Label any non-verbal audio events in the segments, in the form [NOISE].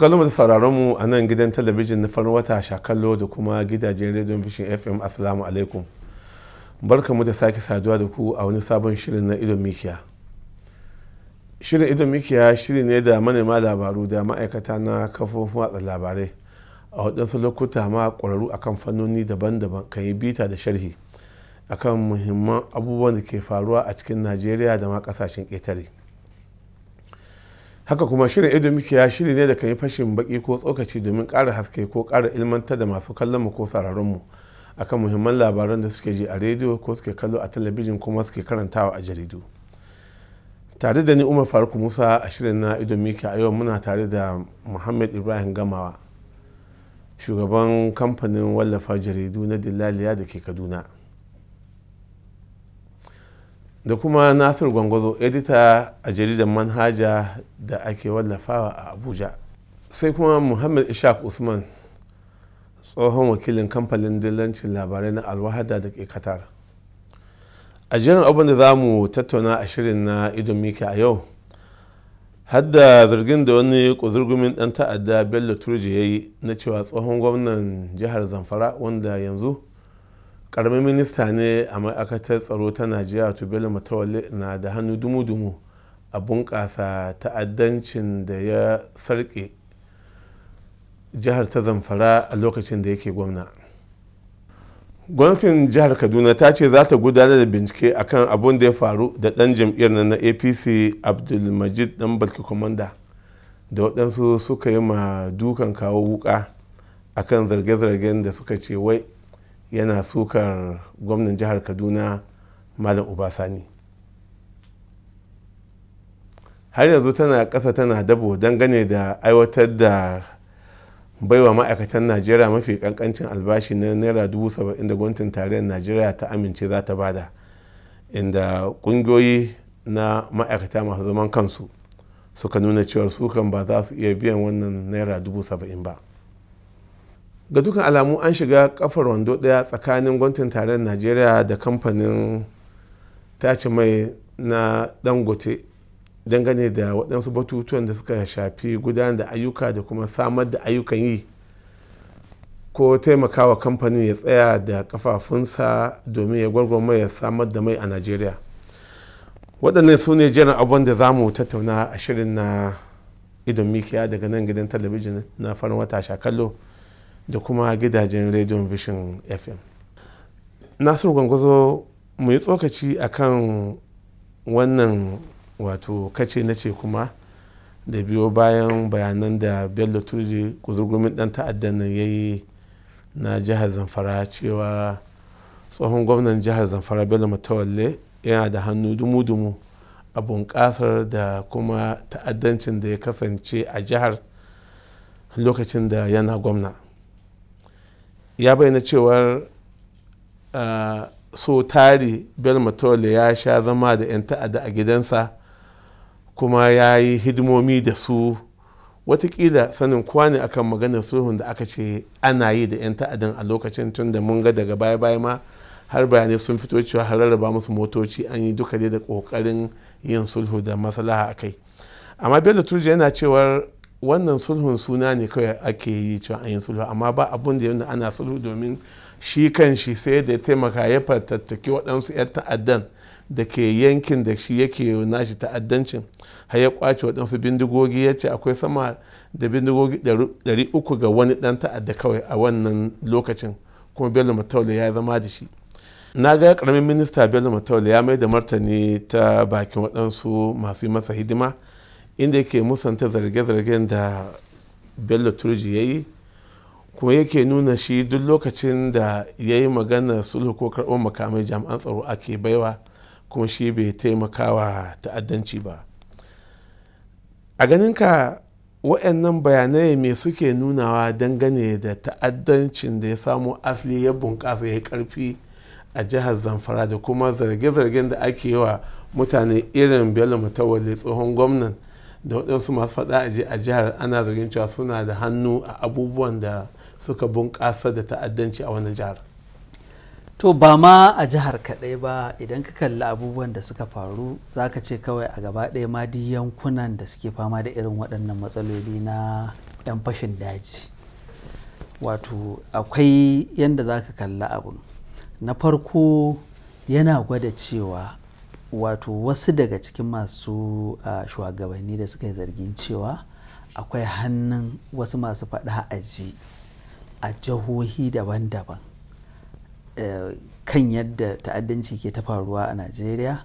kallon mu da sauraron mu a nan gidan talabijin na farin wata shakallo da kuma gidajen rediyon vision fm assalamu alaikum mu da sake saduwa da ku a wani sabon shirin na idon mikiya shirin idon mikiya shiri ne da manema labaru da ma'aikata na kafofin watsa labarai a waɗansu lokuta ma ƙwararru akan fannoni daban-daban kan yi bita da sharhi akan muhimman abubuwan da ke faruwa a cikin najeriya da ma ƙasashen ƙetare haka kuma shirin ido mikiya shiri ne da kan yi fashin baki ko tsokaci domin ƙara haske ko ƙara ilmantar da masu kallon mu ko sararin mu akan muhimman labaran da suke ji a rediyo ko suke kallo a talabijin kuma suke karantawa a jaridu tare da ni umar faruk musa a shirin na ido miki a yau muna tare da muhammad ibrahim gamawa shugaban kamfanin wallafa jaridu na dillaliya da ke kaduna da kuma nasir gwangwazo edita a jaridar manhaja da ake wallafawa a abuja sai kuma muhammad ishaq usman tsohon wakilin kamfanin dillancin labarai na alwahada da ke qatar a jiran abin da za mu tattauna a shirin na idon miki a yau hadda zargin da wani kuzurgumin dan ta'adda bello turji ya yi na cewa tsohon gwamnan jihar zamfara wanda yanzu karamin minista ne a ma'aikatar tsaro ta najeriya tubelu matawalle na da hannu dumu-dumu a bunƙasa ta'addancin da ya sarƙe jihar ta zamfara a lokacin da yake gwamna gwamnatin jihar kaduna ta ce za ta gudanar da bincike akan abun da ya faru da ɗan jam'iyyar na apc abdulmajid dan balki komanda da waɗansu suka yi ma dukan kawo wuka akan zarge-zargen da suka ce wai yana sukar gwamnan jihar kaduna malam ubasani har yanzu tana ƙasa tana dabo dangane da aiwatar da baiwa ma'aikatan najeriya mafi kankancin albashi na naira dubu saba'in da gwamnatin tarayyar najeriya ta amince za ta bada inda ƙungiyoyi na ma'aikata masu zaman kansu suka nuna cewar sukan ba za su iya biyan wannan naira dubu saba'in ba ga dukkan alamu an shiga kafar wando daya tsakanin gwamnatin tarayyar najeriya da kamfanin tace mai na dangote dangane da waɗansu batutuwan da suka shafi gudanar da ayyuka da kuma samar da ayyukan yi ko taimakawa kamfanin ya tsaya da kafafunsa domin ya gwargwarma ya samar da mai a najeriya waɗannan su ne jiran abin da za mu tattauna a shirin na idon mikiya daga nan gidan talabijin na farin wata kallo da kuma gidajen rediyon vision fm nasiru gwangwazo mu yi tsokaci a kan wannan wato kace na ce kuma da biyo bayan bayanan da bello turji kuzurgumin dan ta'addan nan ya yi na jihar zamfara cewa tsohon gwamnan jihar zamfara bello matawalle yana da hannu dumu-dumu a bunƙasar da kuma ta'addancin da ya kasance a jihar lokacin da yana gwamna ya bayyana cewar so tari belmatole ya sha zama da 'yan ta'adda a gidansa kuma ya yi hidimomi da su watakila sanin kuwa ne akan maganar sulhun da aka ce ana yi da 'yan ta'adan a lokacin tun da mun ga daga baya-baya ma har bayanai sun fito cewa har rarraba musu motoci an yi duka dai da kokarin yin sulhu da maslaha a kai amma bello turji yana cewar wannan sulhun suna ne kawai ake yi cewa an yi sulhu amma ba abun da yadda ana sulhu domin shi kan shi sai da ya taimaka ya fatattaki waɗansu 'yan ta'addan da ke yankin da shi yake nashi ta'addancin har ya kwace waɗansu bindigogi ya ce akwai sama da bindigogi 300 ga wani ɗan ta'adda kawai a wannan lokacin kuma bello mataule ya zama da shi na ga karamin minista bello mataule ya mai da martani ta bakin waɗansu masu yi masa hidima inda yake musanta zarge-zargen da bello turji ya yi kuma yake nuna shi duk lokacin da ya yi magana sulhu ko karɓar makamai jami'an tsaro ake baiwa kuma shi bai taimakawa ta'addanci ba a ganin ka wa'annan bayanai me suke nunawa dangane da ta'addancin da ya samu asali ya bunƙasa ya karfi a jihar zamfara da kuma zarge-zargen da ake yi wa mutane irin bello mutawalli tsohon gwamnan da waɗansu masu faɗa a jihar ana zargin cewa suna da hannu a abubuwan da suka bunƙasa da ta'addanci a wannan jihar to ba ma a jihar kaɗai ba idan ka kalli abubuwan da suka faru za ka ce kawai a gaba ɗaya ma duk yankunan da suke fama da irin waɗannan matsaloli na 'yan fashin daji wato akwai yadda za ka kalli abu na farko yana gwada cewa wato wasu daga cikin masu ah, shugabanni da suka yi zargin cewa akwai hannun wasu masu faɗa a ji a jihohi daban-daban eh, kan yadda ta'addanci ke ta faruwa a najeriya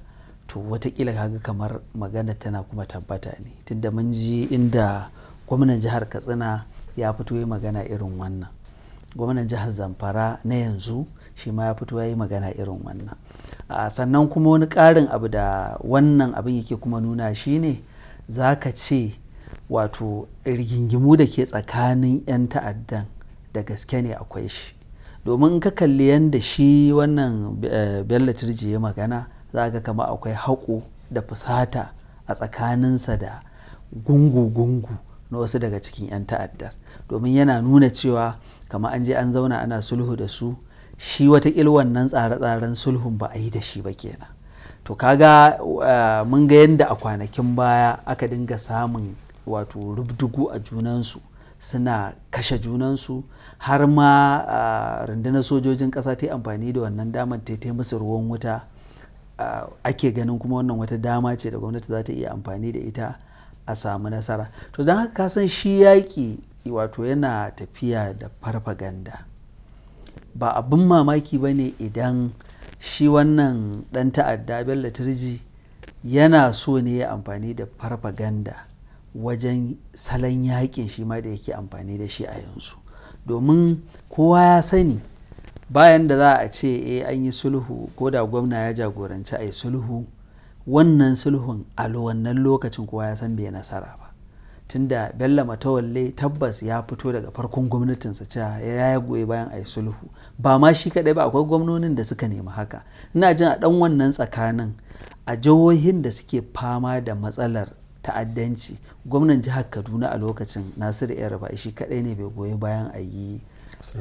to watakila kaga kamar magana tana kuma tabbata ne tunda mun ji inda gwamnan jihar katsina ya fito yi magana irin wannan gwamnan jihar zamfara na yanzu shi ma ya fito ya yi magana irin wannan sannan kuma wani ƙarin abu da wannan abin yake kuma nuna shi ne za ka ce wato rigingimu da ke tsakanin 'yan ta'addan da gaske ne akwai shi domin ka kalli yadda shi wannan eh, bello turji ya magana za ka kama akwai haƙo da fusata a tsakaninsa da gungu-gungu na wasu daga cikin 'yan ta'addar domin yana nuna cewa kama an je an zauna ana sulhu da su shi wata wannan tsare-tsaren sulhun ba a yi da shi ba kenan to kaga eh, mun ga yadda a kwanakin baya aka dinga samun wato rubdugu a junansu suna kashe junansu har ma eh, rundunar sojojin ƙasa ta amfani da wannan damar ta yi musu ruwan wuta eh, ake ganin kuma wannan wata dama ce da gwamnati za ta iya amfani da ita a samu nasara to don haka kasan shi yaƙi wato yana tafiya da farfaganda ba abin mamaki ba ne idan shi wannan ɗan ta'adda bello turji yana so ne ya amfani da farfaganda wajen salon yakin shi ma da yake amfani da shi a yanzu domin kowa ya sani bayan da za a ce eh an yi sulhu ko da gwamna ya jagoranci a yi sulhu wannan sulhun a lokacin kowa ya san bai nasara ba tunda bello matawalle tabbas ya fito daga farkon gwamnatinsa cewa ya ya goyi bayan a yi sulhu ba ma shi kadai ba akwai gwamnonin da suka nemi haka ina jin a ɗan wannan tsakanin a jihohin da suke fama da matsalar ta'addanci gwamnan jihar kaduna a lokacin nasiru yarba shi kadai ne bai goyi bayan a yi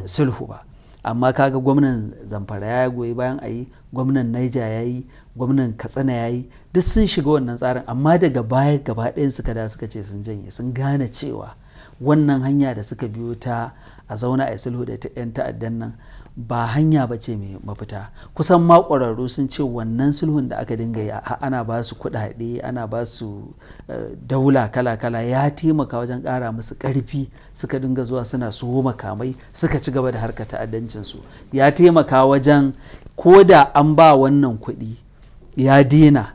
sulhu ba amma kaga gwamnan zamfara ya goyi bayan a yi gwamnan naija ya yi gwamnan katsina ya yi duk sun shiga wannan tsarin amma daga baya gaba ɗayan suka da suka ce sun janye sun gane cewa wannan hanya da suka biyo ta a zauna a sulhu da ta 'yan ta'addan nan ba hanya ba ce mai mafita kusan ma ƙwararru sun ce wannan sulhun da aka dinga yi ana ba su kuɗaɗe ana ba su eh, daula kala-kala ya taimaka wajen ƙara musu ƙarfi suka dinga zuwa suna suwo makamai suka ci gaba da harkar ta'addancinsu ya taimaka wajen ko da an ba wannan kuɗi ya dina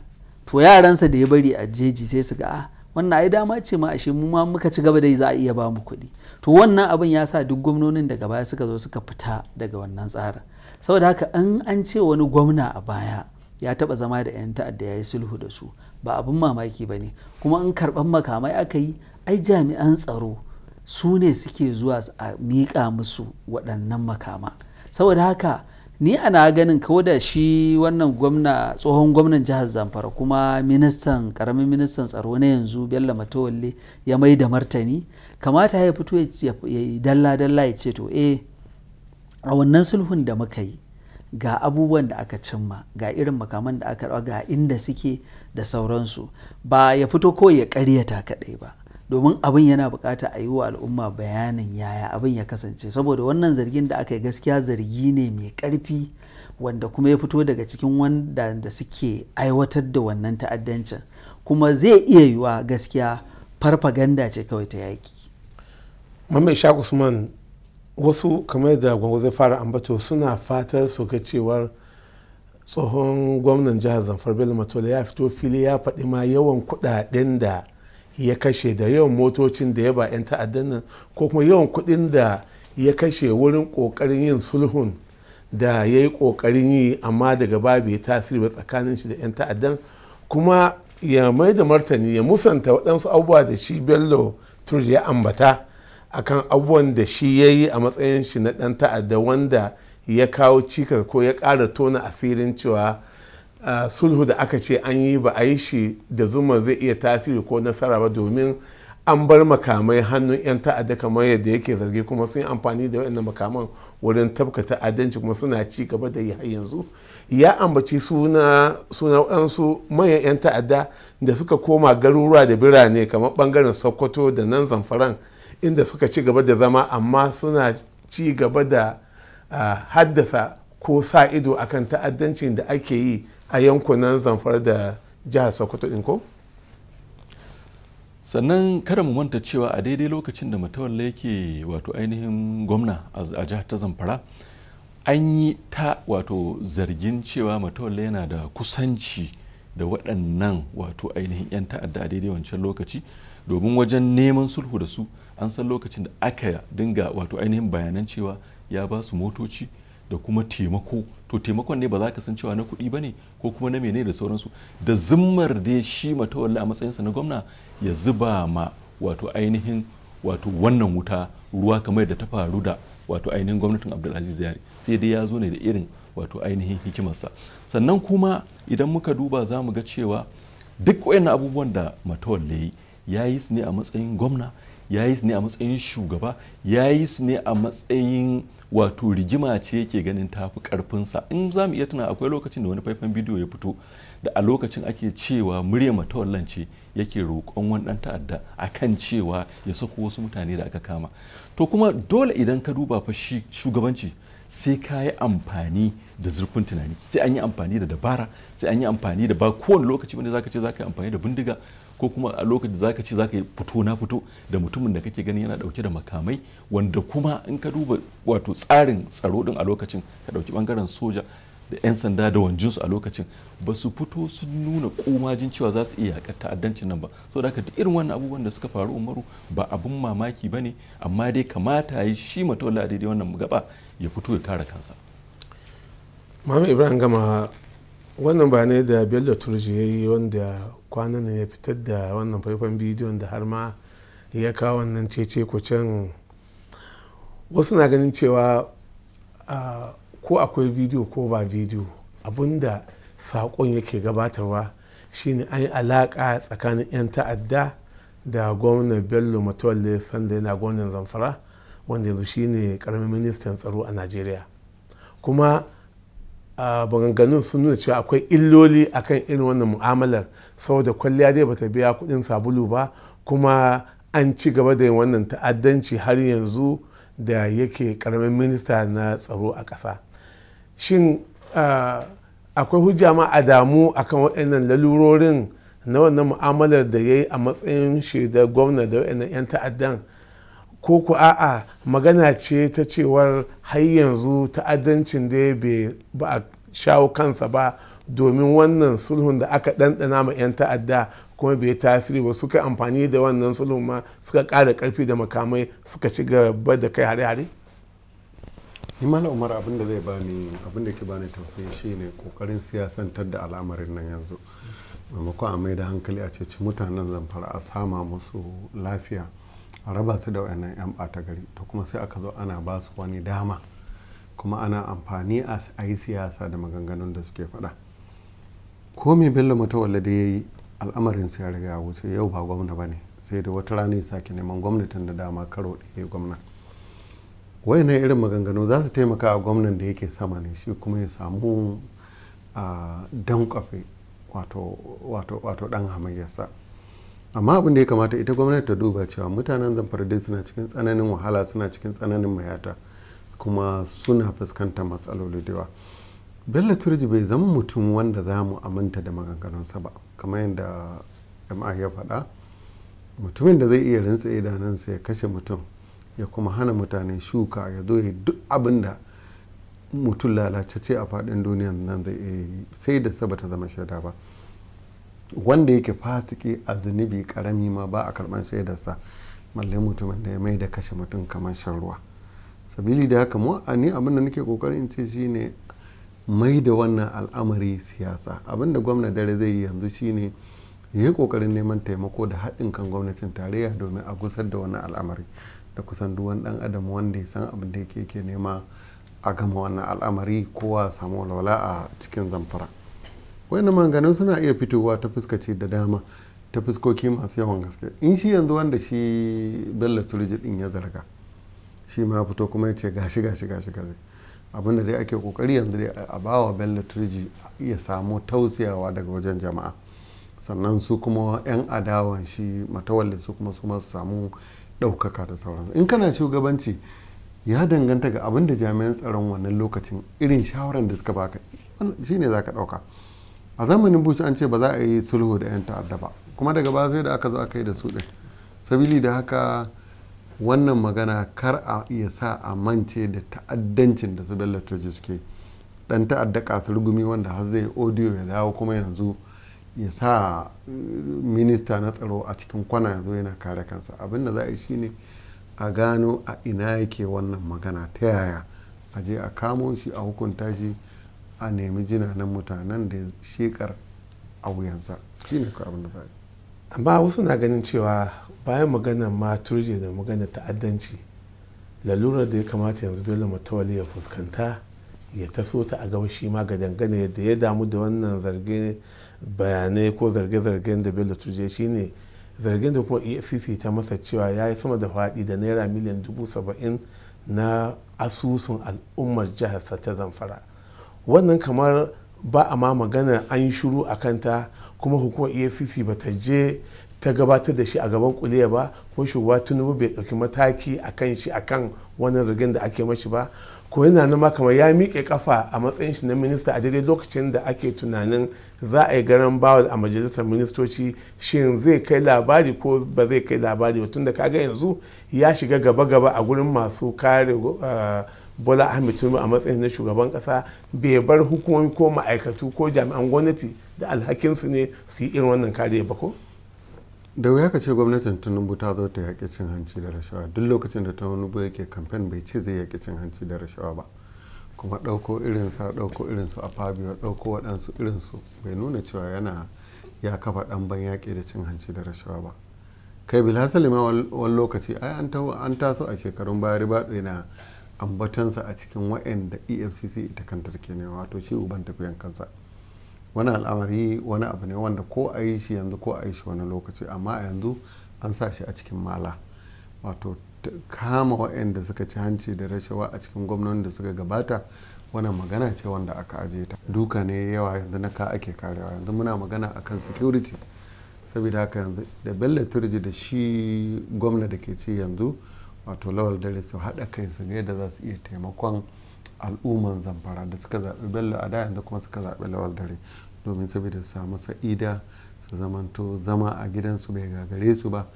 to yaransa da ya bari a jeji sai su ga a ah, wannan ai dama ce ma ashe mu ma muka ci gaba da za a iya ba mu kuɗi to wannan abin ya sa duk gwamnonin daga baya suka zo suka fita daga wannan tsara saboda haka in an ce wani gwamna a baya ya taɓa zama da 'yan ta'adda ya yi sulhu da su ba abin mamaki ba ne kuma in karɓar makamai aka yi ai jami'an tsaro su ne suke zuwa a miƙa musu waɗannan makama saboda haka ni ana ganin kawo da shi wannan gwamna tsohon gwamnan jihar zamfara kuma ministan karamin ministan tsaro na yanzu bello matawalle ya mai da martani kamata ya fito ya yi dalla dalla ya ce to eh a wannan sulhun da muka yi ga abubuwan da aka cimma ga irin makaman da aka ga inda suke da sauransu ba ya fito kawai ya karyata kaɗai ba domin abin yana bukata a yi wa al'umma bayanin yaya abin ya kasance saboda wannan zargin da aka yi gaskiya zargi ne mai karfi wanda kuma ya fito daga cikin wanda da suke aiwatar da wannan ta'addancin kuma zai iya yiwa gaskiya farfaganda ce kawai ta yaki. Mamman Ishaq Usman wasu kamar da zai fara ambato suna fatar su ga cewar tsohon gwamnan jihar Zamfar Bello Matola ya fito fili ya faɗi ma yawan kuɗaɗen da ya kashe da yawan motocin da ya ba 'yan ta'addan nan ko kuma yawan kuɗin da ya kashe wurin ƙoƙarin yin sulhun da ya yi ƙoƙarin yi amma daga ba ya tasiri ba tsakanin shi da 'yan ta'addan kuma ya mai da martani ya musanta waɗansu abubuwa da shi bello tur ya ambata akan abubuwan da shi ya yi a matsayin shi na ɗan ta'adda wanda ya kawo cikas ko ya ƙara tona asirin cewa sulhu da aka ce an yi ba a yi shi da zuma zai iya tasiri ko nasara ba domin an bar makamai hannun 'yan ta'adda kamar yadda yake zargi kuma sun yi amfani da waɗannan makaman wurin tabka ta'addanci kuma suna ci gaba da yi yanzu ya ambaci suna suna waɗansu manyan 'yan ta'adda da suka koma garuruwa da birane kamar bangaren sokoto da nan zamfaran inda suka ci gaba da zama amma suna ci gaba da haddasa ko sa ido akan ta'addancin da ake yi a yankunan zamfara da jihar sokoto din sannan kada mu manta cewa a daidai lokacin da matawalla yake wato ainihin gwamna a jihar ta zamfara an yi ta wato zargin cewa matawalla yana da kusanci da waɗannan wato ainihin 'yan ta'adda a daidai wancan lokaci domin wajen neman sulhu da su an san lokacin da aka dinga wato ainihin bayanan cewa ya ba su motoci da kuma taimako to taimakon ne ba za ka san cewa na kuɗi ba ne ko kuma na menene da sauransu da zimmar da shi matawalli a matsayinsa na gwamna ya zuba ma wato ainihin wato wannan wuta ruwa kamar da ta faru da wato ainihin gwamnatin abdulaziz yari sai dai ya zo ne da irin wato ainihin hikimarsa sannan kuma idan muka duba za mu ga cewa duk wayannan abubuwan da matawalle ya yi su ne a matsayin gwamna ya yi su ne a matsayin shugaba ya yi su ne a matsayin wato rigima ce yake ganin ta fi karfinsa in za mu iya tuna akwai lokacin da wani faifan bidiyo ya fito da a lokacin ake cewa murya matawallan ce yake roƙon wani ɗan ta'adda a kan cewa ya sako wasu mutane da aka kama to kuma dole idan ka duba fa shugabanci sai ka yi amfani da zurfin tunani sai an yi amfani da dabara sai an yi amfani da ba kowane lokaci wanda zaka ce zaka yi amfani da bindiga ko kuma a lokacin da zaka ce zaka yi fito na fito da mutumin da kake ganin yana dauke da makamai wanda kuma in ka duba wato tsarin tsaro din a lokacin ka dauki bangaren soja da 'yan sanda da wanjinsu a lokacin ba su fito sun nuna komajin cewa za su iya yakar ta'addancin nan ba so da duk irin wannan abubuwan da suka faru umaru ba abin mamaki ba ne amma dai kamata yi shi matola daidai wannan gaba ya fito ya kare kansa mami ibrahim gama wannan ba ne da bello turji ya yi wanda kwanan ya fitar da wannan faifan bidiyon da har ma ya kawo wannan cece kucin wasu na ganin cewa ah, ko akwai bidiyo ko ba bidiyo abinda saƙon yake gabatarwa shine an yi alaƙa tsakanin 'yan ta'adda da gwamnan bello matawalle sanda yana gwamnan zamfara wanda yanzu shine karamin ministan tsaro a nigeria kuma maganganun sun nuna cewa akwai illoli akan irin wannan mu'amalar saboda kwalliya dai bata biya kudin sabulu ba kuma an ci gaba da yin wannan ta'addanci har yanzu da yake karamin minista na tsaro a ƙasa. shin ah, akwai hujja ma a damu a kan waɗannan lalurorin na wannan mu'amalar da ya yi a matsayin shaidar gwamna da waɗannan 'yan ta'addan ko ku a'a magana ce ta cewar har yanzu ta'addancin da ba a shawo kansa ba domin wannan sulhun da aka ɗanɗana ma 'yan ta'adda kuma bai tasiri ba suka amfani da wannan sulhun ma suka ƙara ƙarfi da makamai suka ci gaba da kai hare-hare? ni umar abin da zai bani abin da ke bani tausayi shine kokarin siyasantar da al'amarin nan yanzu maimakon a mai da hankali a ceci mutanen zamfara a sama musu lafiya a raba su da wayannan yan bata gari to kuma sai aka zo ana ba su wani dama kuma ana amfani a yi siyasa da maganganun da suke faɗa ko mai bello mutawalla da ya yi al'amarin sai ya riga ya wuce yau ba gwamna ba ne sai da wata rana ya sake neman gwamnatin da dama karo ɗaya gwamna Wai na irin maganganu za su taimaka a gwamnan da yake sama ne shi kuma ya samu dan kafe wato dan hamayyarsa amma abin da ya kamata ita gwamnati ta duba cewa mutanen zamfara dai suna cikin tsananin wahala suna cikin tsananin mayata kuma suna fuskantar matsaloli da yawa bello turji bai zama mutum wanda za mu aminta da maganganunsa ba kamar yadda ma ya faɗa mutumin da zai iya rintsa idanunsa ya kashe mutum ya kuma hana mutane shuka ya zo ya duk abin da mutum ce a faɗin duniya nan zai yi sai da saba ta zama shaida ba wanda yake fasike a zunubi karami ma ba a karɓar shaidarsa malle mutumin da ya mai da kashe mutum kamar shan ruwa sabili da haka mu a ni abin da nake kokarin in ce shine mai da wannan al'amari siyasa abin da gwamna dare zai yi yanzu shine ya yi kokarin neman taimako da haɗin kan gwamnatin tarayya domin a gusar da wannan al'amari da kusan duwan dan adam wanda ya san abin da yake ke nema a gama wannan al'amari kowa samu walwala a cikin zamfara Wani maganin suna iya fitowa ta fuskaci da dama ta fuskoki masu yawan gaske in shi yanzu wanda shi bello turji din ya zarga shi ma fito kuma ya ce gashi gashi gashi gashi da dai ake kokari yanzu dai a bawa bello turji ya samu tausiyawa daga wajen jama'a sannan su kuma 'yan adawan shi matawalle su kuma su masu samu ɗaukaka da sauransu in kana shugabanci ya danganta ga abin da jami'an tsaron wannan lokacin irin shawaran da suka baka ne za ka ɗauka a zamanin bush an ce ba za a yi sulhu da 'yan ta'adda ba kuma daga baya sai da aka zo aka yi da su ɗin sabili da haka wannan magana kar a iya sa a mance da ta'addancin da su bello suke dan ta'adda kasu rugumi wanda har zai audio ya dawo kuma yanzu ya sa eh, minista na tsaro a cikin kwana ya zo yana kare kansa abin da za a yi shine a gano a ina yake wannan magana ta yaya a je a kamo shi a hukunta shi a nemi jinanan mutanen da shekar a wuyansa shine ka abin da za amma wasu na ganin cewa bayan maganar maturje da maganar ta'addanci lalurar da ya kamata yanzu bello matawali ya fuskanta ya taso ta a shi ma ga dangane yadda ya damu da wannan zargin. bayanai ko zarge-zargen da bello tuje shine zargin da kuma efcc ta masa cewa ya yi sama da faɗi da naira miliyan dubu saba'in na asusun al'ummar sa ta zamfara wannan kamar ba a ma magana an shiru shuru a kanta kuma hukumar efcc ba ta je ta gabatar da shi a gaban kuliya ba ko shugaba tinubu bai ɗauki mataki a kan shi a kan wannan zargin da ake mashi ba ko yana nama kamar ya miƙe kafa a matsayin shi na minista a daidai lokacin da ake tunanin za a yi garan bawal a majalisar ministoci shin zai kai labari ko ba zai kai labari ba tunda kaga yanzu ya shiga gaba-gaba a gurin masu kare eh, bola ahmed tunu a matsayin na shugaban kasa bai bar hukumomi ko ma'aikatu ko jami'an gwamnati da alhakinsu ne su yi irin wannan kare ba ko da wuya ka ce gwamnatin tinubu ta zo ta yaƙi cin hanci da rashawa duk lokacin da tinubu yake kamfen bai ce zai yaƙi cin hanci da rashawa ba kuma ɗauko irinsa ɗauko irinsu a fabio ɗauko waɗansu irinsu bai nuna cewa yana ya kafa ban yaƙi da cin hanci da rashawa ba kai bilhassali ma wani lokaci ai an taso a shekarun baya ribaɗo yana ambatansa a cikin wa'anda efcc ita kantar ne wato shi uban tafiyan kansa wani al'amari wani abu ne wanda ko a yi shi yanzu ko a yi shi wani lokaci amma a yanzu an sa shi a cikin mala wato kama waɗanda suka ci hanci da rashawa a cikin gwamnati da suka gabata wannan magana ce wanda aka aje ta duka ne yawa yanzu na ka ake karewa yanzu muna magana akan security saboda haka yanzu da bello turji da shi gwamna da ke ci yanzu wato lawal dare su haɗa kai su ga yadda za su iya taimakon al'umman zamfara da suka zaɓi bello a da kuma suka zaɓi lawal dare domin saboda samu sa'ida su zamanto zama a gidansu bai gagare su ba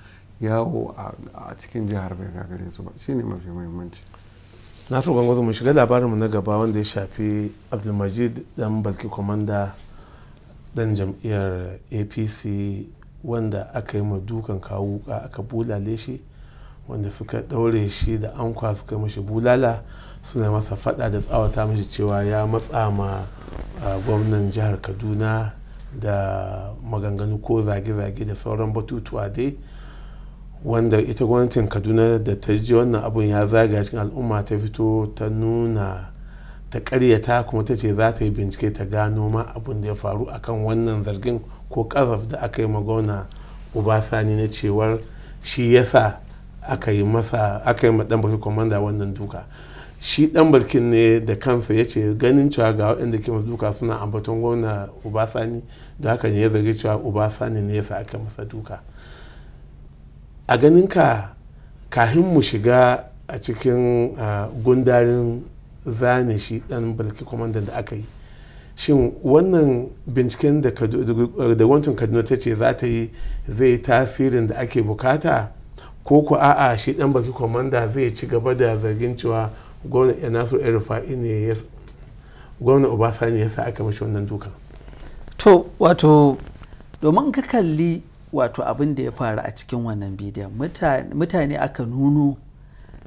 yawo a cikin jihar bai gagare su ba shine mafi muhimmanci na to gwangwazo mu shiga labarinmu na gaba wanda ya shafi abdulmajid dan balki kwamanda dan jam'iyyar apc wanda aka yi ma dukan kawo aka bulale shi wanda suka daure shi da ankwa suka yi mashi bulala suna masa fada da tsawata mashi cewa ya matsa ma gwamnan jihar kaduna da maganganu ko zage-zage da sauran batutuwa dai wanda ita gwamnatin kaduna da ta ji wannan abun ya zaga cikin al'umma ta fito ta nuna ta karyata kuma ta ce za ta yi bincike ta gano ma abun da ya faru akan wannan zargin ko kasaf da aka yi magana ubasani na cewar shi yasa aka yi masa aka yi ma dan kwamanda wannan duka shi dan barkin ne da kansa ya ce ganin cewa ga waɗanda ke masu duka suna ambaton gwamna obasani da haka ne ya zargi cewa obasani ne ya sa aka masa duka a ganin ka kahin mu shiga a cikin gundarin zane shi dan barki kwamandan da aka yi shin wannan binciken da gwamnatin kaduna ta ce za ta yi zai yi tasirin da ake bukata ko ku a'a shi dan baki kwamanda zai ci gaba da zargin cewa gwamnan ya nasu rufa'i ne gwamnan ya sa aka mashi wannan dukan to wato domin ka kalli wato abin da ya faru a cikin wannan bidiyon mutane aka nuno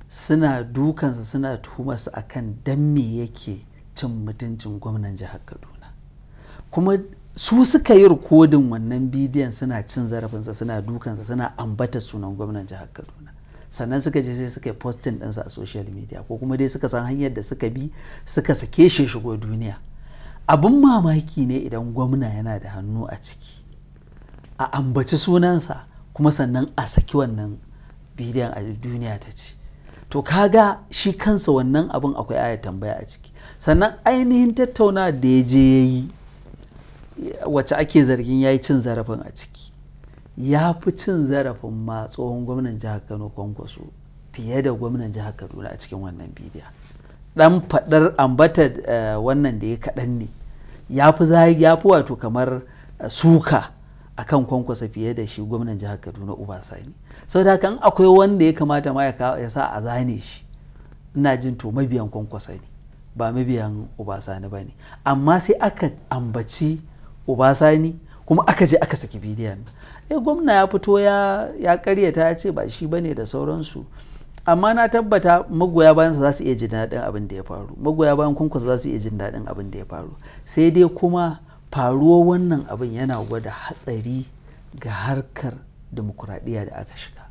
suna dukansa suna tuhumarsa akan dan me yake cin mutuncin gwamnan jihar kaduna kuma su suka yi rikodin wannan bidiyon suna cin zarafinsa suna dukansa suna ambata sunan gwamnan jihar kaduna sannan suka je sai suka yi postin ɗinsa a social media ko kuma dai suka san hanyar da suka bi suka sake shi shigo duniya abin mamaki ne idan gwamna yana da hannu a ciki a ambaci sunansa kuma sannan a saki wannan bidiyon a duniya ta ci to kaga shi kansa wannan abin akwai ayar tambaya a ciki sannan ainihin tattauna da ya je ya yi wacce ake zargin ya yi cin zarafin a ciki ya fi cin zarafin ma tsohon gwamnan jihar kano kwankwaso fiye da gwamnan jihar kaduna a cikin wannan bidiya dan fadar ambata eh, wannan da ya kaɗan ne ya fi ya wato kamar eh, suka akan kwankwaso fiye da shi gwamnan jihar kaduna ubasani sau da kan akwai wanda ya kamata ma ya sa a zane shi ina jin to mabiyan kwankwaso ne ba mabiyan ubasani ba ne amma sai aka ambaci ubasani kuma aka je aka saki bidiyon eh gwamna ya fito ya ya karyata ya ce ba shi bane da sauransu amma na tabbata magoya bayan za su iya jin daɗin abin da ya faru magoya bayan kunkus za su iya jin daɗin abin da ya faru sai dai kuma faruwa wannan abin yana gwada hatsari ga harkar demokuraɗiyya da aka shiga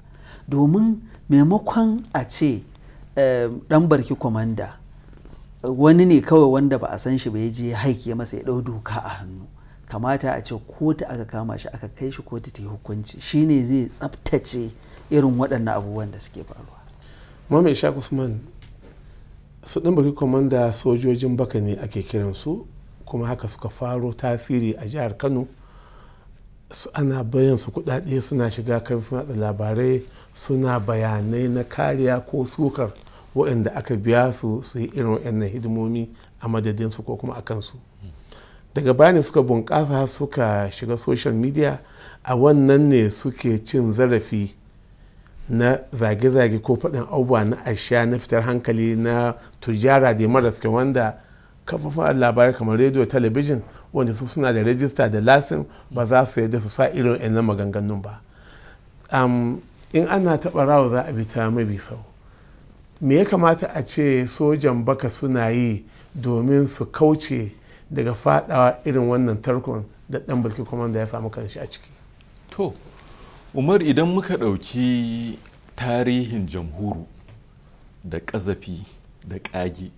domin maimakon a ce eh, ɗan barki kwamanda wani ne kawai wanda ba a san shi ba ya je haike masa ya ɗau doka a hannu kamata a ce kotu aka kama shi aka kai shi kotu ta yi hukunci shi ne zai tsabtace irin waɗannan abubuwan da suke faruwa mama ishaq usman su ɗan baki kwamanda sojojin baka ne ake kiransu kuma haka suka faro tasiri a jihar kano su ana bayan su kuɗaɗe suna shiga kafin watsa labarai suna bayanai na kariya ko sukar waɗanda aka biya su su yi irin waɗannan hidimomi a madadinsu ko kuma a kansu daga bani suka bunƙasa suka shiga social media a wannan ne suke cin zarafi na zage-zage ko faɗin abubuwa na asha na fitar hankali na tujara da maras wanda kafafa labarai kamar rediyo talabijin wanda su suna da rajista da lasin ba za su yadda su sa irin yanar maganganun ba in ana taɓa rawa za a bi ta mabi sau me ya kamata a ce sojan baka suna yi domin su kauce daga fadawa irin wannan tarkon da dan bulki komanda ya samu kanshi a ciki to umar idan muka ɗauki tarihin jamhuru da ƙazafi da ƙage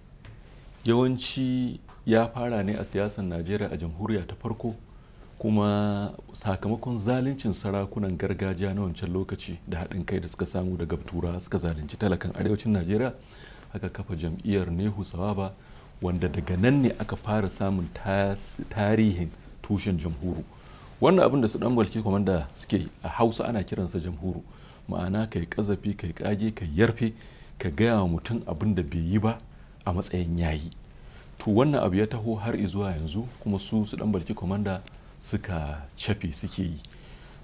yawanci ya fara ne a siyasar najeriya a jamhuriya ta farko kuma sakamakon zaluncin sarakunan gargajiya na wancan lokaci da haɗin kai da suka samu daga turawa suka zalunci talakan arewacin najeriya haka kafa jam'iyyar nehu sawaba wanda daga nan ne aka fara samun tarihin tushen jamhuru wannan abin da su dan mulki kwamanda suke a hausa ana kiransa jamhuru ma'ana kai kazafi kai kage kai yarfe ka gaya wa mutum abin da bai yi ba a matsayin yayi to wannan abu ya taho har izuwa yanzu kuma su su dan balki kwamanda suka cafe suke yi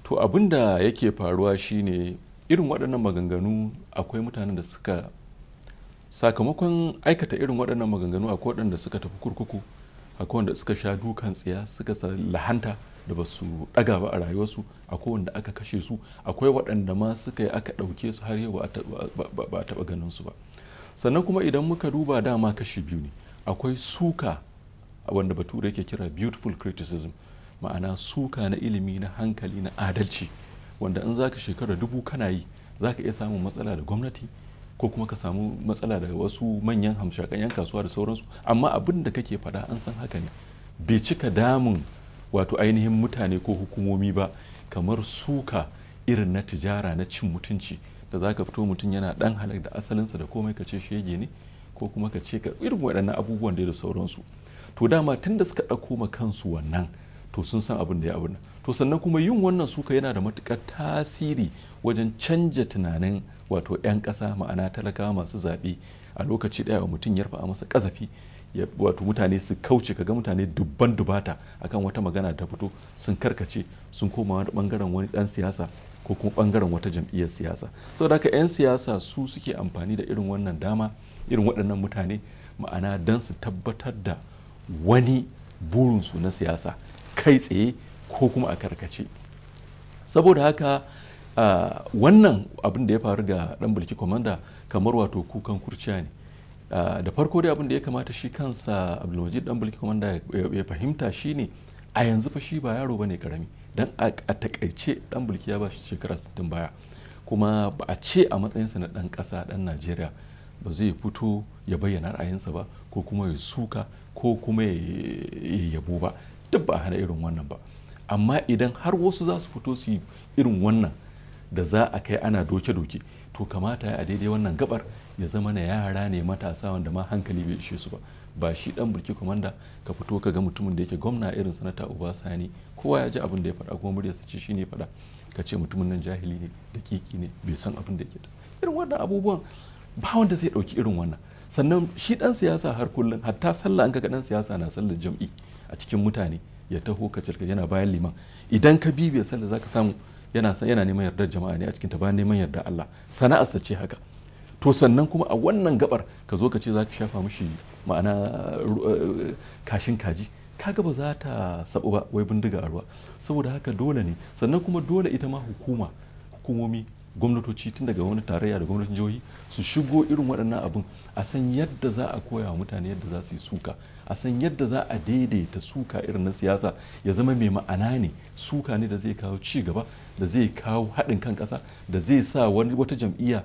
to abin da yake faruwa shine irin waɗannan maganganu akwai mutanen da suka sakamakon aikata irin waɗannan maganganu a waɗanda suka tafi kurkuku a wanda suka sha dukan tsiya suka lahanta da ba su ɗaga ba a rayuwarsu a wanda aka kashe su akwai waɗanda ma suka yi aka ɗauke su har yau ba a taɓa ganin su ba sannan kuma idan muka duba dama kashe biyu ne akwai suka wanda bature yake kira beautiful criticism ma'ana suka na ilimi na hankali na adalci wanda in zaka shekara dubu kana yi zaka iya samun matsala da gwamnati ko kuma ka samu matsala daga wasu manyan hamshakan 'yan kasuwa da sauransu amma abin da kake faɗa an san haka ne bai cika damun wato ainihin mutane ko hukumomi ba kamar suka irin na tijara na cin mutunci da za ka fito mutum yana ɗan halar da asalinsa da komai ka ce shege ne ko kuma ka ce irin waɗannan abubuwan da sauransu to dama tun da suka ɗauko ma kansu wannan to sun san abin da ya abin to sannan kuma yin wannan suka yana da matukar tasiri wajen canja tunanin wato 'yan ƙasa ma'ana talakawa masu zaɓe a lokaci ɗaya mutum ya rufa masa ƙazafi wato mutane su kauce kaga mutane dubban dubata akan wata magana ta fito sun karkace sun koma wani bangaren wani dan siyasa ko kuma bangaren wata jam'iyyar siyasa saboda haka 'yan siyasa su suke amfani da irin wannan dama irin waɗannan mutane ma'ana don su tabbatar da wani burinsu na siyasa kai tsaye ko kuma a karkace saboda haka wannan abin da ya faru ga dan bulki komanda kamar wato kukan kurciya ne da farko dai abin da ya kamata shi kansa abdulmajid dan bulki komanda ya fahimta shi ne a yanzu fa shi ba yaro bane karami dan a takaice dan bulki ya ba shi shekara 60 baya kuma ba a ce a matsayinsa na dan kasa dan najeriya ba zai fito ya bayyana ra'ayinsa ba ko kuma ya suka ko kuma ya yabo ba duk ba hana irin wannan ba amma idan har wasu za su fito su yi irin wannan da za a kai ana doke-doke to kamata a daidai wannan gabar ya zama na yara ne matasa wanda ma hankali bai ishe su ba ba shi dan burki komanda ka fito ka ga mutumin da yake gwamna irin sanata sani kowa ya ji abin da ya faɗa kuma muryar su ce shi ne faɗa ka ce mutumin nan jahili ne da kiki ne bai san abin da yake ta irin wannan abubuwan ba wanda zai dauki irin wannan sannan shi dan siyasa har kullum hatta sallah an ga dan siyasa na sallar jam'i a cikin mutane ya taho ka cirka yana bayan liman idan ka bibiya za ka samu yana yana neman yardar jama'a ne a cikin ta bayan neman yardar Allah sana'arsa ce haka to sannan kuma a wannan gabar ka zo ka ce za ka shafa mishi ma'ana eh, kashin kaji kaga ba za ta sabu ba wai bindiga a ruwa saboda haka dole ne sannan kuma dole ita ma hukuma hukumomi gwamnatoci tun daga wani tarayya da gwamnatin jihohi su shigo irin waɗannan abin a san yadda za a koya wa mutane yadda za su yi suka a san yadda za a daidaita suka irin na siyasa ya zama mai ma'ana ne suka ne da zai kawo ci gaba da zai kawo haɗin kan ƙasa da zai sa wani wata jam'iyya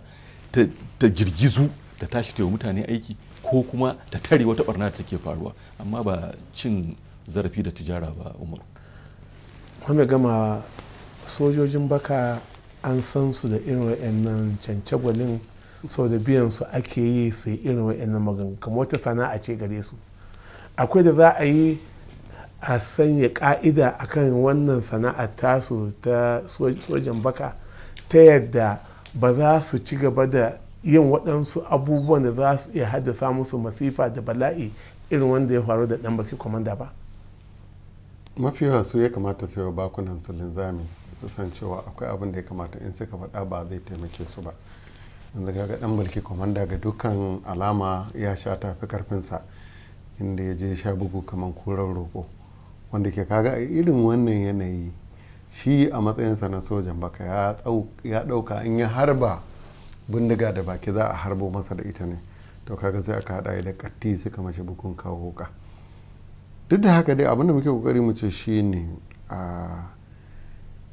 ta girgizu ta tashi ta mutane aiki ko kuma ta tare wata barna da take faruwa amma ba cin zarafi da tijara ba umar. gama sojojin baka an san su da irin nan cancagwalin sau da biyan su ake yi su yi irin nan maganganu kamar wata sana'a ce gare su akwai da za a yi a sanya ka'ida akan wannan sana'a tasu ta sojan baka ta yadda ba za su ci gaba da yin waɗansu abubuwan da za su iya haddasa musu masifa da bala'i irin wanda ya faru da ɗan baki kwamanda ba mafi su ya kamata su yi bakunan su linzami su san cewa akwai abin da ya kamata in suka faɗa ba zai taimake su ba yanzu ga ɗan mulki komanda ga dukkan alama ya sha tafi karfinsa inda ya je sha bugu kamar kuran roƙo wanda ke kaga a irin wannan yanayi shi a matsayinsa na sojan baka ya ɗauka in ya harba bindiga da baki za a harbo masa da ita ne to kaga sai aka haɗa da katti suka mashi bukun kawo ka, duk da haka dai abinda muke ƙoƙari mu ce shi ne a ah,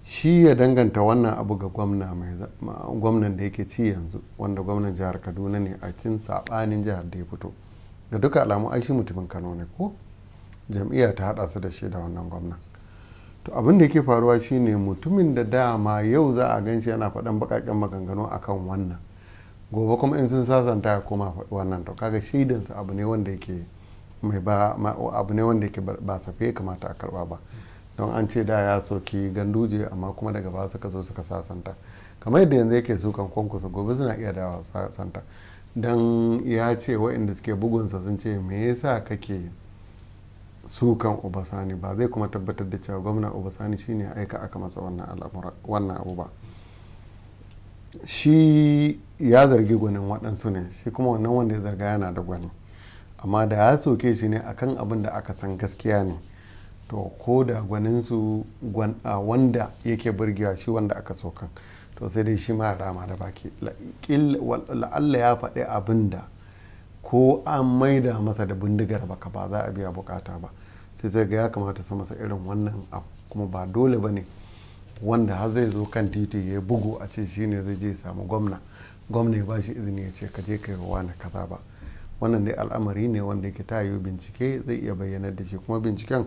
shi ya danganta wannan abu ga gwamnan da yake ci yanzu wanda gwamnan jihar kaduna ne a cin saɓanin jihar da ya fito da duka alamu ai shi mutumin kano ne ko jam'iyya ta hada su da shi da wannan gwamnan to abin da yake faruwa shine mutumin da dama yau za a gan shi yana faɗan baƙaƙen maganganu akan wannan gobe kuma in sun sasanta ya koma faɗi wannan to kaga shaidansa abu ne wanda yake mai ba abu ne wanda kamata a karba ba don an ce da ya soki ganduje amma kuma daga ba suka zo suka sa santa kamar yadda yanzu yake sukan kwankwasa gobe suna iya dawa santa don ya ce waɗanda suke bugunsa sun ce me yasa kake sukan obasani ba zai kuma tabbatar da cewa gwamna obasani shine aika aka masa wannan abu ba shi ya zargi gwanin waɗansu ne shi kuma wannan wanda ya zarga yana da gwani amma da ya soke shi ne akan abin da aka san gaskiya ne to ko da gwanin gwaninsu wanda yake burgewa shi wanda aka saukan to sai dai shi ma rama da baki la'alla ya faɗi abin da ko an maida masa da bindigar baka ba za a biya bukata ba sai sai ga ya kamata su masa irin wannan abu kuma ba dole ba ne wanda har zai zo kan titi ya bugu a ce shi ne zai je samu gwamna gwamna ya ba shi izini ya ce ka je ka yi wani kaza ba wannan dai al'amari ne wanda ke ta bincike zai iya bayyana da shi kuma binciken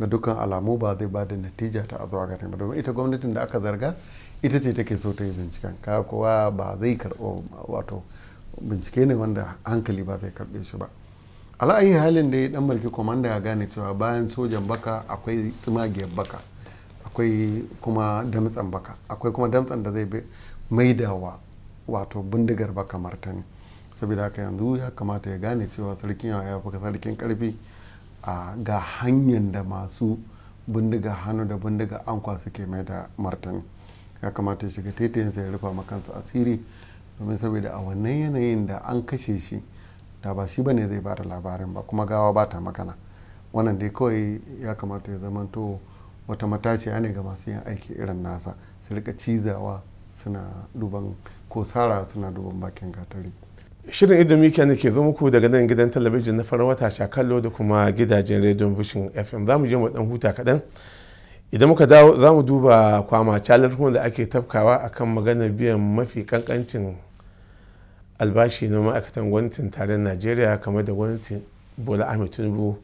ga dukkan alamu ba zai ba da natija ta a zuwa gare ba domin ita gwamnatin da aka zarga ita ce take so ta yi binciken ka kowa ba zai karɓo wato bincike ne wanda hankali ba zai karɓe shi ba ala'ayi halin da ya dan mulki komanda ya gane cewa bayan sojan baka akwai tsimagiyar baka akwai kuma damtsan baka akwai kuma damtsan da zai maidawa wato bindigar baka martani saboda haka yanzu ya kamata ya gane cewa sarkin yawa ya fi sarkin karfi a ga hanyar da masu bindiga hannu da bindiga ankwa suke mai da martani ya kamata ya shiga taitayin ya rufa makansa asiri domin saboda a wannan yanayin da an kashe shi da ba shi bane zai bada labarin ba kuma gawa ba ta magana wannan dai kawai ya kamata ya zamanto wata matashiya ne ga masu yin aiki irin nasa su rika cizawa suna duban ko sara suna duban bakin gatari shirin idomi kenan ke zo muku daga nan gidan talabijin na farin wata shakallo da kuma gidajen rediyon vision fm za mu je mu dan huta kaɗan idan muka dawo za mu duba kwama calar kuma da ake tafkawa akan maganar biyan mafi kankancin albashi na ma'aikatan gwamnatin tarayyar najeriya kamar da gwamnatin bola ahmed tinubu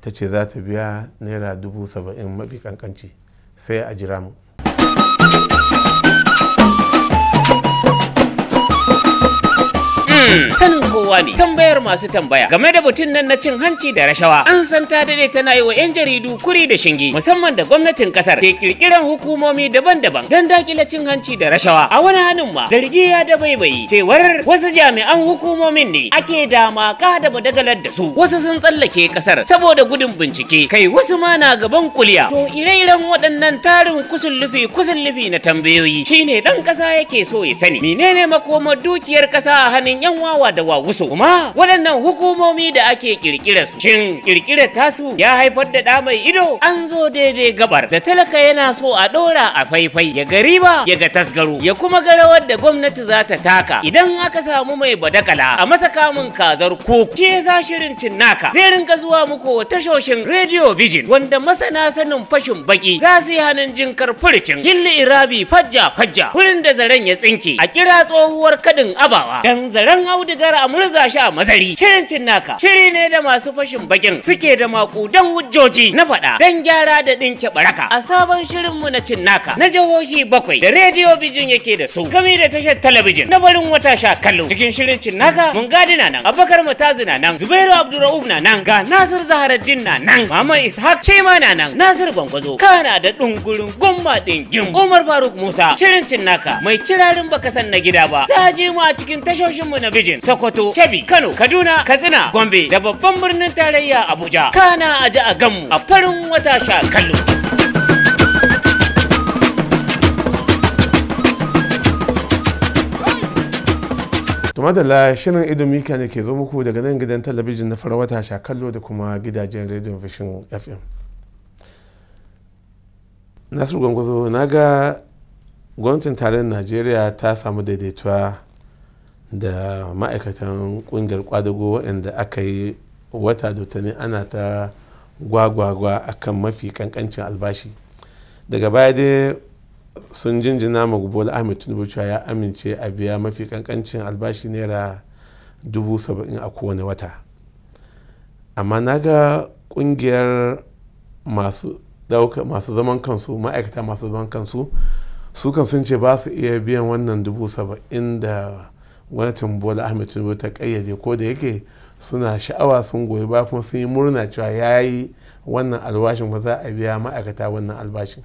ta ce za ta biya naira dubu saba'in mafi kankanci sai a jira mu sanin kowa ne tambayar masu tambaya game da batun nan na cin hanci da rashawa an san ta dade tana yi wa 'yan jaridu kuri da shinge musamman da gwamnatin kasar ke kirkiran hukumomi daban-daban don dakile cin hanci da rashawa a wani hannun ma zargi ya da baibayi cewar wasu jami'an hukumomin ne ake dama ka da badagalar da su wasu sun tsallake kasar saboda gudun bincike kai wasu ma na gaban kuliya to ire waɗannan tarin kusullufi kusullufi na tambayoyi shine dan ƙasa yake so ya sani menene makomar dukiyar ƙasa a hannun 'yan 'yan wawa da wawuso kuma waɗannan hukumomi da ake kirkira su shin kirkira tasu ya haifar da ɗa mai ido an zo daidai gabar da talaka yana so a ɗora a faifai ya ga riba ya ga tasgaro ya kuma ga rawar da gwamnati za ta taka idan aka samu mai badakala a masa kamun kazar kuku ke za shirin cin naka? zai rinka zuwa muku tashoshin radio vision wanda masana sanin fashin baki za su yi hannun jin karfurcin yilli irabi fajja fajja wurin da zaren ya tsinke a kira tsohuwar kadin abawa dan zaren farin audigar a murza shi a mazari shirin cinnaka naka shiri ne da masu fashin bakin suke da makudan hujjoji na faɗa don gyara da ɗinke baraka a sabon shirinmu na cin naka na jihohi bakwai da rediyo bijin yake da su gami da tashar talabijin na barin wata sha kallo cikin shirin cin naka mun gadi na nan abubakar mutazu na nan zubairu abdurrauf na nan ga nasir zaharaddin na nan mama ishaq shema na nan nasir gwangwazo kana da ɗungurin gumma ɗin umar faruk musa shirin cin naka mai kirarin baka san na gida ba ta ji mu a cikin tashoshinmu na Abidjan, Sokoto, Kebbi, Kano, Kaduna, Katsina, Gombe da babban birnin tarayya Abuja. Kana a ji a ganmu a farin wata sha kallo. tumadala shirin ido mika ne ke zo muku daga nan gidan talabijin na farawata sha kallo da kuma gidajen radio vision fm nasiru gwangwazo na ga gwamnatin tarayyar najeriya ta samu daidaituwa da ma'aikatan kungiyar kwadago waɗanda aka yi wata ne ana ta gwagwagwa akan mafi kankancin albashi daga baya dai sun jinjina ma ahmed tinubu cewa ya amince a biya mafi kankancin albashi naira dubu saba'in a kowane wata amma na ga kungiyar masu masu zaman kansu ma'aikata masu zaman kansu su kan sun ce ba su iya biyan wannan dubu saba'in da gwamnatin bola ahmed ta kayyade ko da yake suna sha'awa sun goyi ba kuma sun yi murna cewa ya yi wannan albashin ba za a biya ma'aikata wannan albashin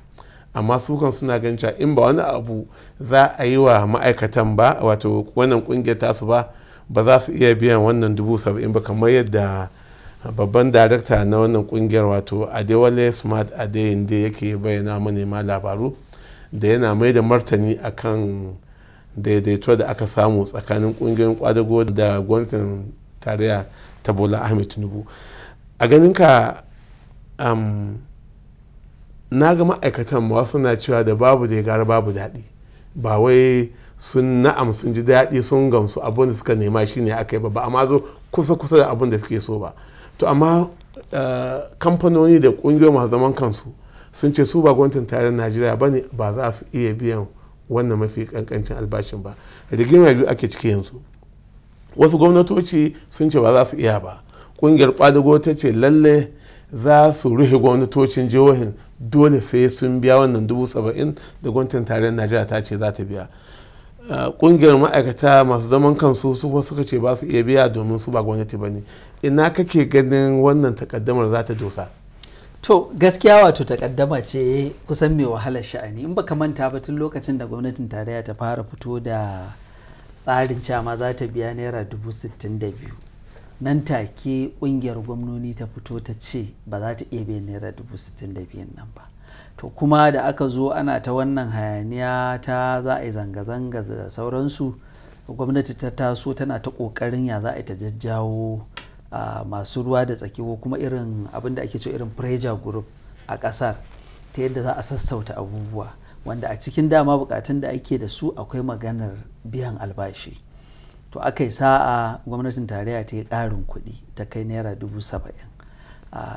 amma su kan suna ganin cewa in ba wani abu za a yi wa ma'aikatan ba wato wannan kungiyar tasu ba ba za su iya biyan wannan dubu saba'in ba kamar yadda babban darakta na wannan kungiyar wato adewale smart adeyinde yake bayyana manema labaru da yana mai da martani akan daidaito da aka samu tsakanin kungiyoyin kwadago da gwamnatin tarayya ta bola ahmed tinubu a ganin um, na ga ma'aikatan ma suna cewa da babu da gara babu daɗi ba wai sun na'am sun ji daɗi sun gamsu abin da suka nema shi ne aka yi ba amma zo kusa kusa da abin da suke so ba to amma eh, kamfanoni da ƙungiyoyi masu zaman kansu sun ce su ba gwamnatin tarayyar najeriya ba ne ba za su iya biyan wannan mafi kankancin albashin ba rigima biyu ake ciki yanzu wasu gwamnatoci sun ce ba za su iya ba kungiyar kwadago ta ce lalle za su ruhe gwamnatocin jihohin dole sai sun biya wannan dubu saba'in da gwamnatin tarayyar najeriya ta ce za ta biya kungiyar ma'aikata masu zaman kansu su suka ce ba su iya biya domin su ba gwamnati ba ne ina kake ganin wannan takaddamar za ta dosa To gaskiya wato takaddama ce kusan mai wahalar sha'ani in baka manta ba tun lokacin da gwamnatin tarayya ta fara fito da tsarin cama za ta biya naira dubu biyu nan take kungiyar gwamnoni ta fito ta ce ba za ta iya biyan naira dubu biyun nan ba to kuma da aka zo ana ta wannan hayaniya ta za a yi zanga-zanga da sauransu gwamnati ta taso tana ta kokarin ya za a ta jajjawo masu ruwa da tsaki ko kuma irin abin da ake so irin pressure group a ƙasar ta yadda za a sassauta abubuwa wanda a cikin dama bukatun da ake da su akwai maganar biyan albashi to aka yi sa'a gwamnatin tarayya ta yi ƙarin kuɗi ta kai naira dubu saba'in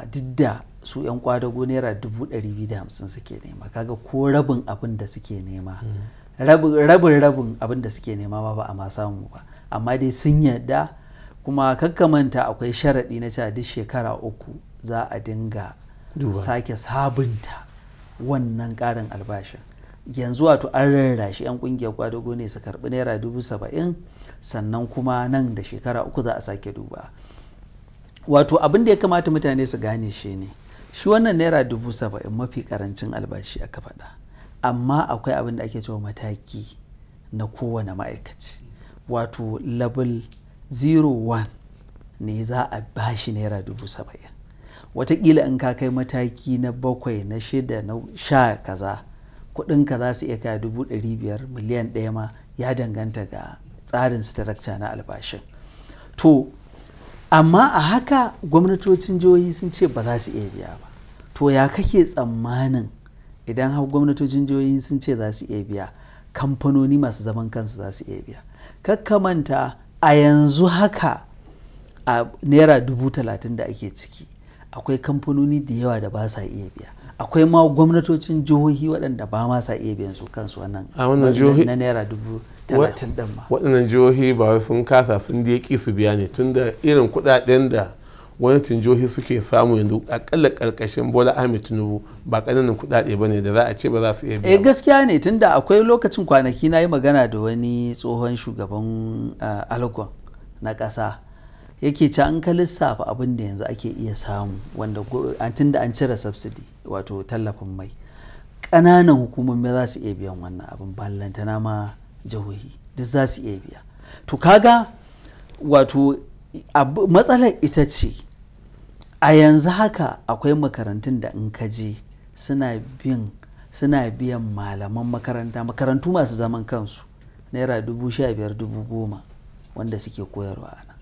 duk da su 'yan kwadago naira dubu ɗari biyu da hamsin suke nema kaga ko rabin abin da suke nema hmm. rabin rabin abin da suke nema ba a ma samu ba amma dai sun yarda kuma manta akwai sharaɗi na cewa duk shekara uku za a dinga sake sabunta wannan ƙarin albashin yanzu wato an rarra shi 'yan ƙungiyar kwadago ne su karɓi naira dubu saba'in sannan kuma nan da shekara uku za a sake duba wato abin da ya kamata mutane su gane shi ne shi wannan naira dubu saba'in mafi karancin albashi aka faɗa amma akwai abin da ake cewa mataki na kowane ma'aikaci wato label 01 ne za a ba shi naira dubu saba'in watakila in ka kai mataki na bakwai na shida na sha kaza kudinka za su iya kai dubu ɗari biyar miliyan ɗaya ma ya danganta ga tsarin sitarakta na albashin to amma a haka gwamnatocin jihohi sun ce ba za su iya biya ba to ya kake tsammanin idan har gwamnatocin jihohi sun ce za su iya biya kamfanoni masu zaman kansu za su iya biya manta. a yanzu haka a naira dubu talatin da ake ciki akwai kamfanoni da yawa da ba sa iya biya akwai ma gwamnatocin jihohi waɗanda ba ma sa iya biyan su kansu wannan na naira dubu talatin ɗin ma waɗannan jihohi ba sun kasa sun da ya su biya ne tunda irin kuɗaɗen da gwamnatin jihohi suke samu yanzu akalla karkashin bola ahmed tinubu ba kananan kudade ba ne da za a ce ba za su iya biya eh gaskiya ne tunda akwai lokacin kwanaki na yi magana da wani tsohon shugaban eh, alkon na ƙasa yake ci an ka lissafa abin da yanzu ake iya samu wanda tunda an cire subsidy wato tallafin mai ƙananan hukumomi za su iya biyan wannan abin ballantana ma jihohi duk za su iya biya to kaga wato matsalar ita ce a yanzu haka akwai makarantun da in ka je suna bin suna biyan malaman makaranta makarantu masu zaman kansu naira dubu sha biyar dubu goma wanda suke koyarwa ana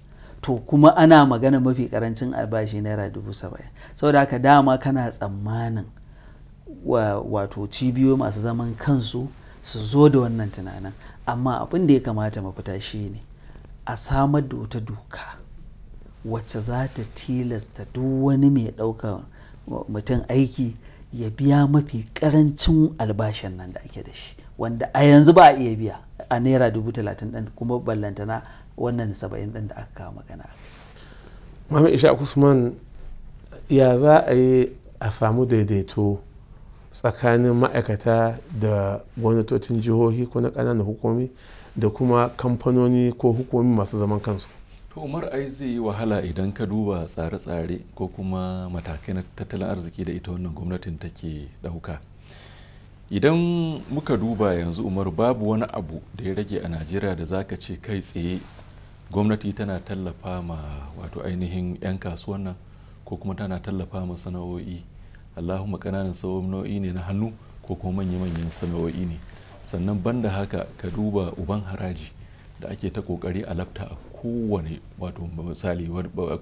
to kuma ana magana mafi karancin albashi naira dubu saba'in saboda haka dama kana tsammanin wato cibiyoyi masu zaman kansu su zo da wannan tunanin amma abin da ya kamata mafita shi ne a samar da wata doka wacce za ta tilasta duk wani mai ɗauka mutum aiki ya biya mafi karancin albashin nan da ake da shi wanda a yanzu ba a iya biya a naira dubu talatin ɗin kuma ballantana wannan saba'in ɗin da aka kawo magana mami isha usman ya za a yi a samu daidaito tsakanin ma'aikata da gwamnatocin jihohi ko na ƙananan hukumi da kuma kamfanoni ko hukumi masu zaman kansu umar ai zai yi wahala idan ka duba tsare-tsare ko kuma matakai na tattalin arziki da ita wannan gwamnatin take ɗauka idan muka duba yanzu umar babu wani abu da ya rage a najeriya da zaka ce kai tsaye gwamnati tana tallafa ma wato ainihin 'yan kasuwan nan ko kuma tana tallafa ma sana'o'i allahumma kananan sana'o'i ne na hannu ko kuma manya-manyan sana'o'i ne sannan banda haka ka duba uban haraji da ake ta kokari a lafta kowane wato misali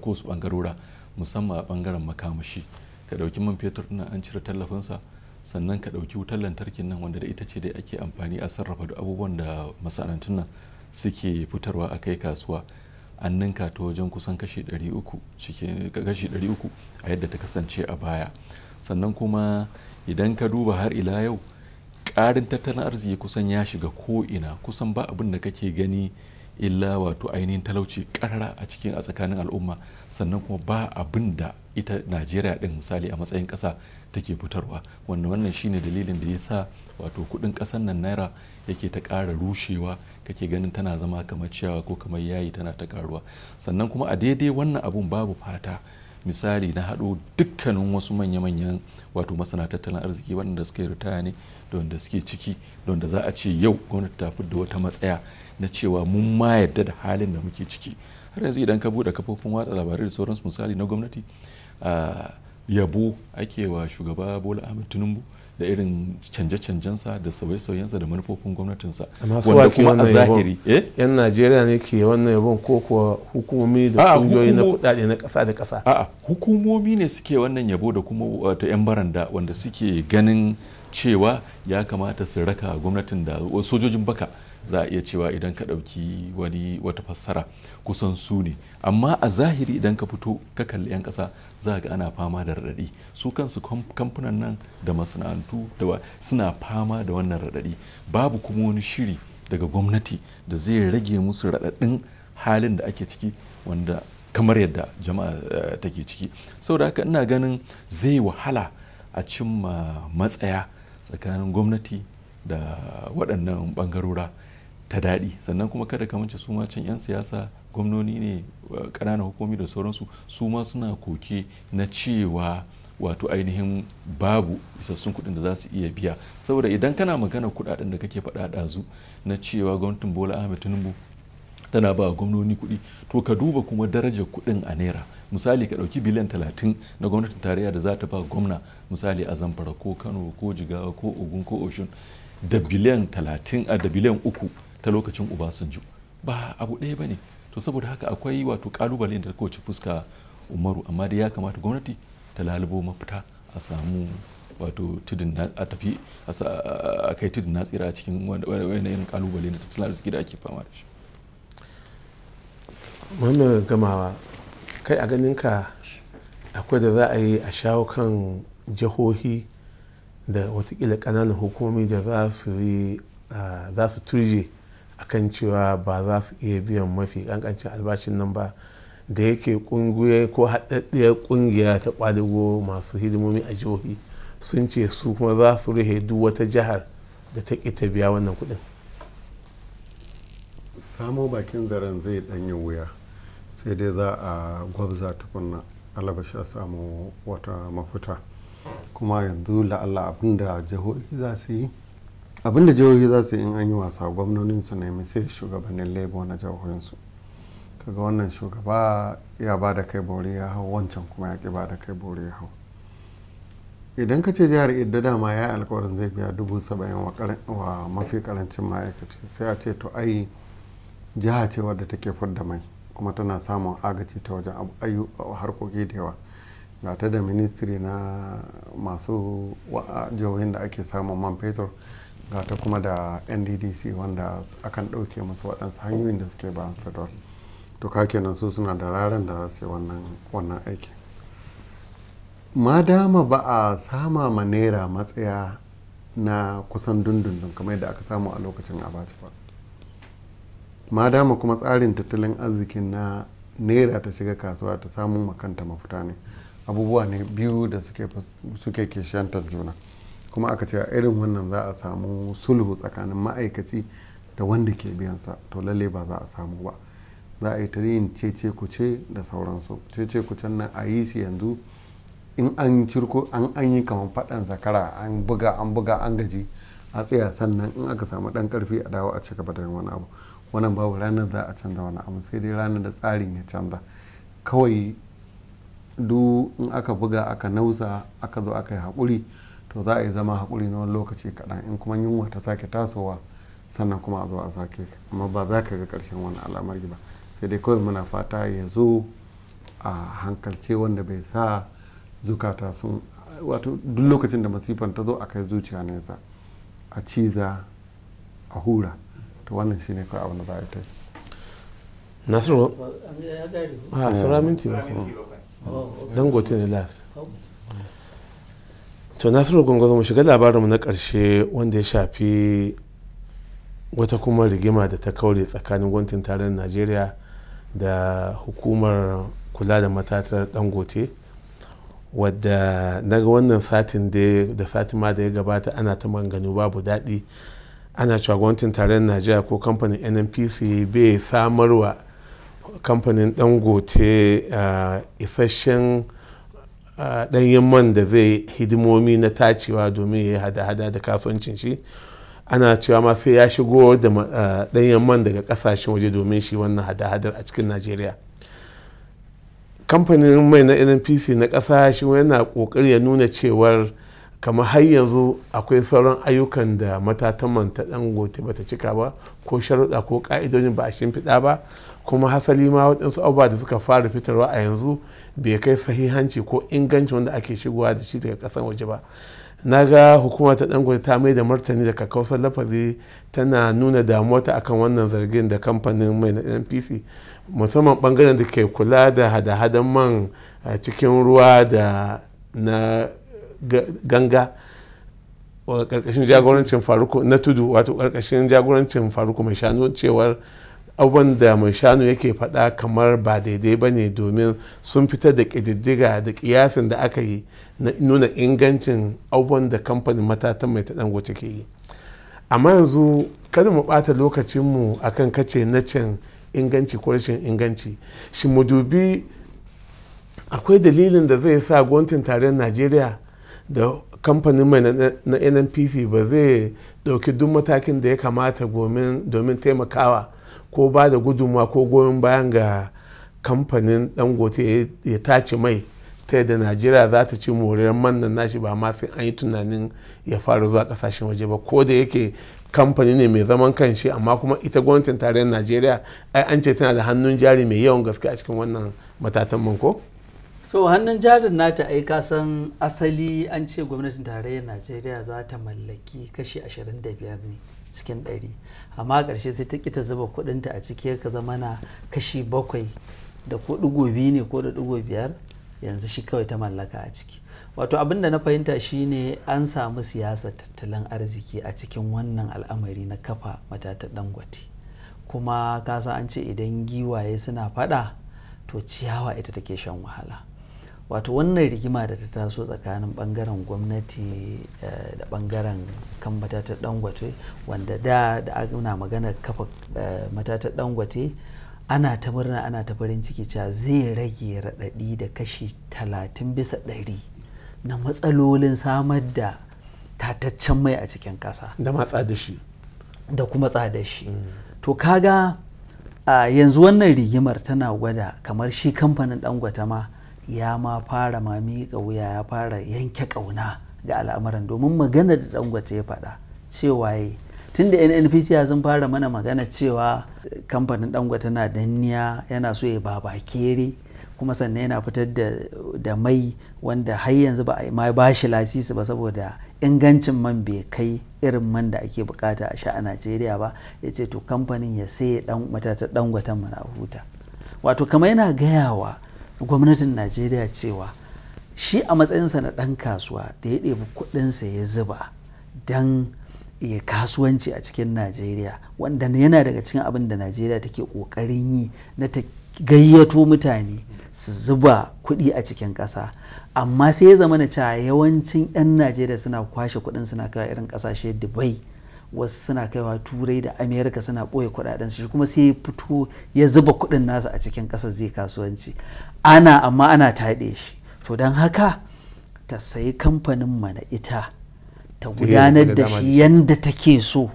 ko su bangarora musamman a bangaren makamashi ka dauki man fetur ɗin an cire tallafinsa sannan ka dauki wutar lantarkin nan wanda da ita ce da ake amfani a sarrafa da abubuwan da masana'antun nan suke fitarwa a kai kasuwa an ninka ta wajen kusan kashi 300 cikin a yadda ta kasance a baya sannan kuma idan ka duba har ila yau ƙarin tattalin arziki kusan ya shiga ko ina kusan ba abin da kake gani illa wato ainihin talauci karara a cikin a tsakanin al'umma sannan kuma ba abin da ita najeriya din misali a matsayin kasa take fitarwa wanda wannan shine dalilin da ya sa wato kudin kasan nan naira yake ta kara rushewa kake ganin tana zama kamar ciyawa ko kamar yayi tana ta karuwa sannan kuma a daidai wannan abun babu fata misali na hado dukkanin wasu manya-manyan wato masana tattalin arziki waɗanda suka yi ritaya ne da wanda suke ciki da wanda za a ce yau gwamnati ta fi da wata matsaya na cewa mun ma yadda da halin da muke ciki har yanzu idan ka bude kafofin watsa labarai da sauransu misali na gwamnati yabo ake wa shugaba bola ahmed tinubu da irin canje-canjensa da sauye-sauyensa da manufofin gwamnatinsa wanda kuma a zahiri eh? yan najeriya ne ke wannan yabon ko kuwa hukumomi da kungiyoyi na kudade na kasa da kasa a'a hukumomi ne suke wannan yabo da kuma wata uh, yan baranda wanda suke ganin cewa ya kamata su raka gwamnatin da uh, sojojin baka za a iya cewa idan ka ɗauki wani wata fassara kusan su ne amma a zahiri idan ka fito ka kalli 'yan ƙasa za ga ana fama da raɗaɗi su kansu kamfunan nan da masana'antu da suna fama da wannan raɗaɗi babu kuma wani shiri daga gwamnati da zai rage musu raɗaɗin halin da ake ciki wanda kamar yadda jama'a eh, take ciki saboda haka ina ganin zai wahala a cimma matsaya tsakanin gwamnati da waɗannan ɓangarora ta daɗi sannan kuma kada ka mance su ma can 'yan siyasa gwamnoni ne ƙananan hukumi da sauransu su ma suna koke na cewa wato ainihin babu isassun kuɗin da za su iya biya saboda idan kana magana kuɗaɗen da kake faɗa ɗazu na cewa gwamnatin bola ahmed tinubu tana ba gwamnoni kuɗi to ka duba kuma darajar kuɗin a naira misali ka ɗauki biliyan talatin na gwamnatin tarayya da za ta ba gwamna misali a zamfara ko kano ko jigawa ko ogun ko oshun da biliyan talatin a da biliyan uku ta lokacin ubasanju ba abu ɗaya ba ne to saboda haka akwai wato kalubale da kowace fuska umaru amma dai ya kamata gwamnati ta lalubo mafita a samu wato tudun a a kai tudun na tsira a cikin wani irin kalubale da tattalin arziki da ake fama da shi muhammed gamawa kai a ganin ka akwai da za a yi a shawo kan jihohi da watakila kananan hukumomi da za su ah, turje kan cewa ba za su iya biyan mafi kankancin albashin nan ba da yake kungiya ko haɗaɗɗiyar kungiya ta ƙwadago masu hidimomi a jihohi sun ce su kuma za su rihe duk wata jihar da ta ƙi ta biya wannan kuɗin samo bakin zaren zai ɗanyi wuya sai dai za a gwabza tukunna alabashi a samu wata mafuta kuma yanzu la'alla abinda jihohi za su yi abinda jihohi za su yi in an yi wasa gwamnonin su nemi sai shugabannin labour na jihohinsu kaga wannan shugaba ya ba da kai bori ya hau wancan kuma ya ki ba da kai bori ya hau idan ka ce jihar idda dama ya yi alkawarin zai biya dubu saba'in wa mafi karancin ma'aikaci sai a ce to ai jiha ce wadda take fudda mai kuma tana samun agaci ta wajen harkoki da yawa ga ta da ministry na masu jihohin da ake samun man fetur ga ta kuma da nddc wanda akan ɗauke masu waɗansu hanyoyin da suke ba federal to ka kenan su suna da raran da za su yi wannan aiki ma dama ba a sama ma naira matsaya na kusan dundundun kamar da aka samu a lokacin abaci ba ma dama kuma tsarin tattalin arzikin na naira ta shiga kasuwa ta samu makanta mafuta ne abubuwa ne biyu da suke kishiyantar juna kuma aka ce irin wannan za a samu sulhu tsakanin ma'aikaci da wanda ke biyansa to lalle ba za a samu ba za a yi ta yin cece kuce da sauransu cece kucen nan a yi shi yanzu in an cirko an an yi kamar faɗan zakara an buga an buga an gaji a tsaya sannan in aka samu ɗan ƙarfi a dawo a cika da yin wani abu wannan babu ranar za a canza wani abu sai dai ranar da tsarin ya canza kawai duk in aka buga aka nausa aka zo aka yi haƙuri to za a yi zama haƙuri na wani lokaci kaɗan in kuma yunwa ta sake tasowa sannan kuma a zo a sake amma ba za ka ga ƙarshen wani alamar ba sai dai kawai muna fata ya zo a hankalce wanda bai sa zukata sun wato duk lokacin da masifan ta zo a kai zuciya nesa a ciza a hura to wannan shine kawai abin da za a yi ta nasiru ah, a minti ba dangote ne las oh, to nasiru gongozo mu shiga labarinmu na ƙarshe wanda ya shafi wata kuma rigima da ta kaure tsakanin gwamnatin tarayyar najeriya da hukumar kula da matatar dangote wadda daga wannan satin da satin ma da ya gabata ana ta maganganu babu daɗi ana cewa gwamnatin tarayyar najeriya ko kamfanin nnpc bai samarwa kamfanin dangote ah, isasshen ɗanyen man da zai hidimomi na tacewa domin ya hada-hada da kasuwancin shi ana cewa ma sai ya shigo da ɗanyen man daga ƙasashen waje domin shi wannan hada-hadar a cikin najeriya kamfanin mai na nnpc na ƙasa shi yana ƙoƙari ya nuna cewar kamar har yanzu akwai sauran ayyukan da matatan man ta dangote bata cika ba ko sharuɗa ko ƙa'idojin ba a shimfiɗa ba kuma hasali ma waɗansu abubuwa da suka fara fitarwa a yanzu bai kai sahihanci ko inganci wanda ake shigowa da shi daga kasan waje ba na ga hukumar ta dangote ta mai da martani daga kakausar lafazi tana nuna damuwa akan wannan zargin da kamfanin mai na npc musamman bangaren da ke kula da hada-hadan man eh, cikin ruwa da na ganga ƙarƙashin jagorancin faruku na tudu wato ƙarƙashin jagorancin faruku mai shanu cewar abubuwan da mai shanu yake faɗa kamar ba daidai ba ne domin sun fitar da ƙididdiga da ƙiyasin da aka yi na nuna ingancin abubuwan da kamfanin matatan mai ta dangote ke yi amma yanzu kada mu ɓata lokacinmu a kan kace na can inganci ko rashin inganci shi mu dubi akwai dalilin da zai sa gwamnatin tarayyar najeriya da kamfanin mai na nnpc ba zai ɗauki duk matakin da ya kamata domin taimakawa ko ba da gudunmawa ko goyon bayan ga kamfanin dangote ya tace mai ta yadda najeriya za ta ci moriyar mannan nashi ba ma sai an yi tunanin ya fara zuwa kasashen waje ba ko da yake kamfani ne mai zaman kanshi amma kuma ita gwamnatin tarayyar najeriya ai an ce tana da hannun jari mai yawan gaske a cikin wannan matatan man ko so hannun jarin nata ai ka san asali an ce gwamnatin tarayyar najeriya za ta mallaki kashi 25 ne cikin 100 amma karshe sai ta ƙi ta zuba kuɗinta a ciki ka zama na kashi bakwai da ko ɗigo biyu ne ko da ɗigo biyar yanzu shi kawai ta mallaka a ciki wato abin da na fahimta shine an samu siyasar tattalin arziki a cikin wannan al'amari na kafa matata dangote kuma kasa an ce idan giwaye suna fada to ciyawa ita take shan wahala wato wannan rigima da ta taso tsakanin bangaren gwamnati eh, da bangaren kan matatar dangote wanda da da ana magana kafa eh, matatar dangote ana ta murna ana ta farin ciki cewa zai rage raɗaɗi da kashi talatin bisa ɗari na matsalolin samar da tataccen mai a cikin ƙasa da matsa da shi da kuma tsada shi mm. to kaga yanzu wannan rigimar tana gwada kamar shi kamfanin dangote ma ya ma fara ma miƙa wuya ya fara yanke ƙauna ga al'amuran domin magana da dangwace ya faɗa cewa yi tun da nnpc sun fara mana magana cewa kamfanin dangwata na danniya yana so ya baba kere kuma sannan yana fitar da mai wanda har yanzu ba a yi ma ba shi lasisi ba saboda ingancin man bai kai irin man da ake bukata a sha a najeriya ba ya ce to kamfanin ya sai matatar matata dangwatan mana huta wato kama yana gayawa gwamnatin najeriya cewa shi a matsayinsa na ɗan kasuwa da ya ɗebi kuɗinsa ya zuba don ya kasuwanci a cikin najeriya wanda yana daga cikin abin da najeriya take ƙoƙarin yi na ta gayyato mutane su zuba kuɗi a cikin ƙasa amma sai ya zama na cewa yawancin 'yan najeriya suna kwashe kuɗin suna kawai irin ƙasashe dubai wasu suna kaiwa turai da amerika suna ɓoye kuɗaɗen shi kuma sai ya fito ya zuba kuɗin nasa a cikin ƙasar zai kasuwanci ana amma ana taɗe shi to don haka ta sayi kamfanin mana ita ta gudanar da shi yadda take so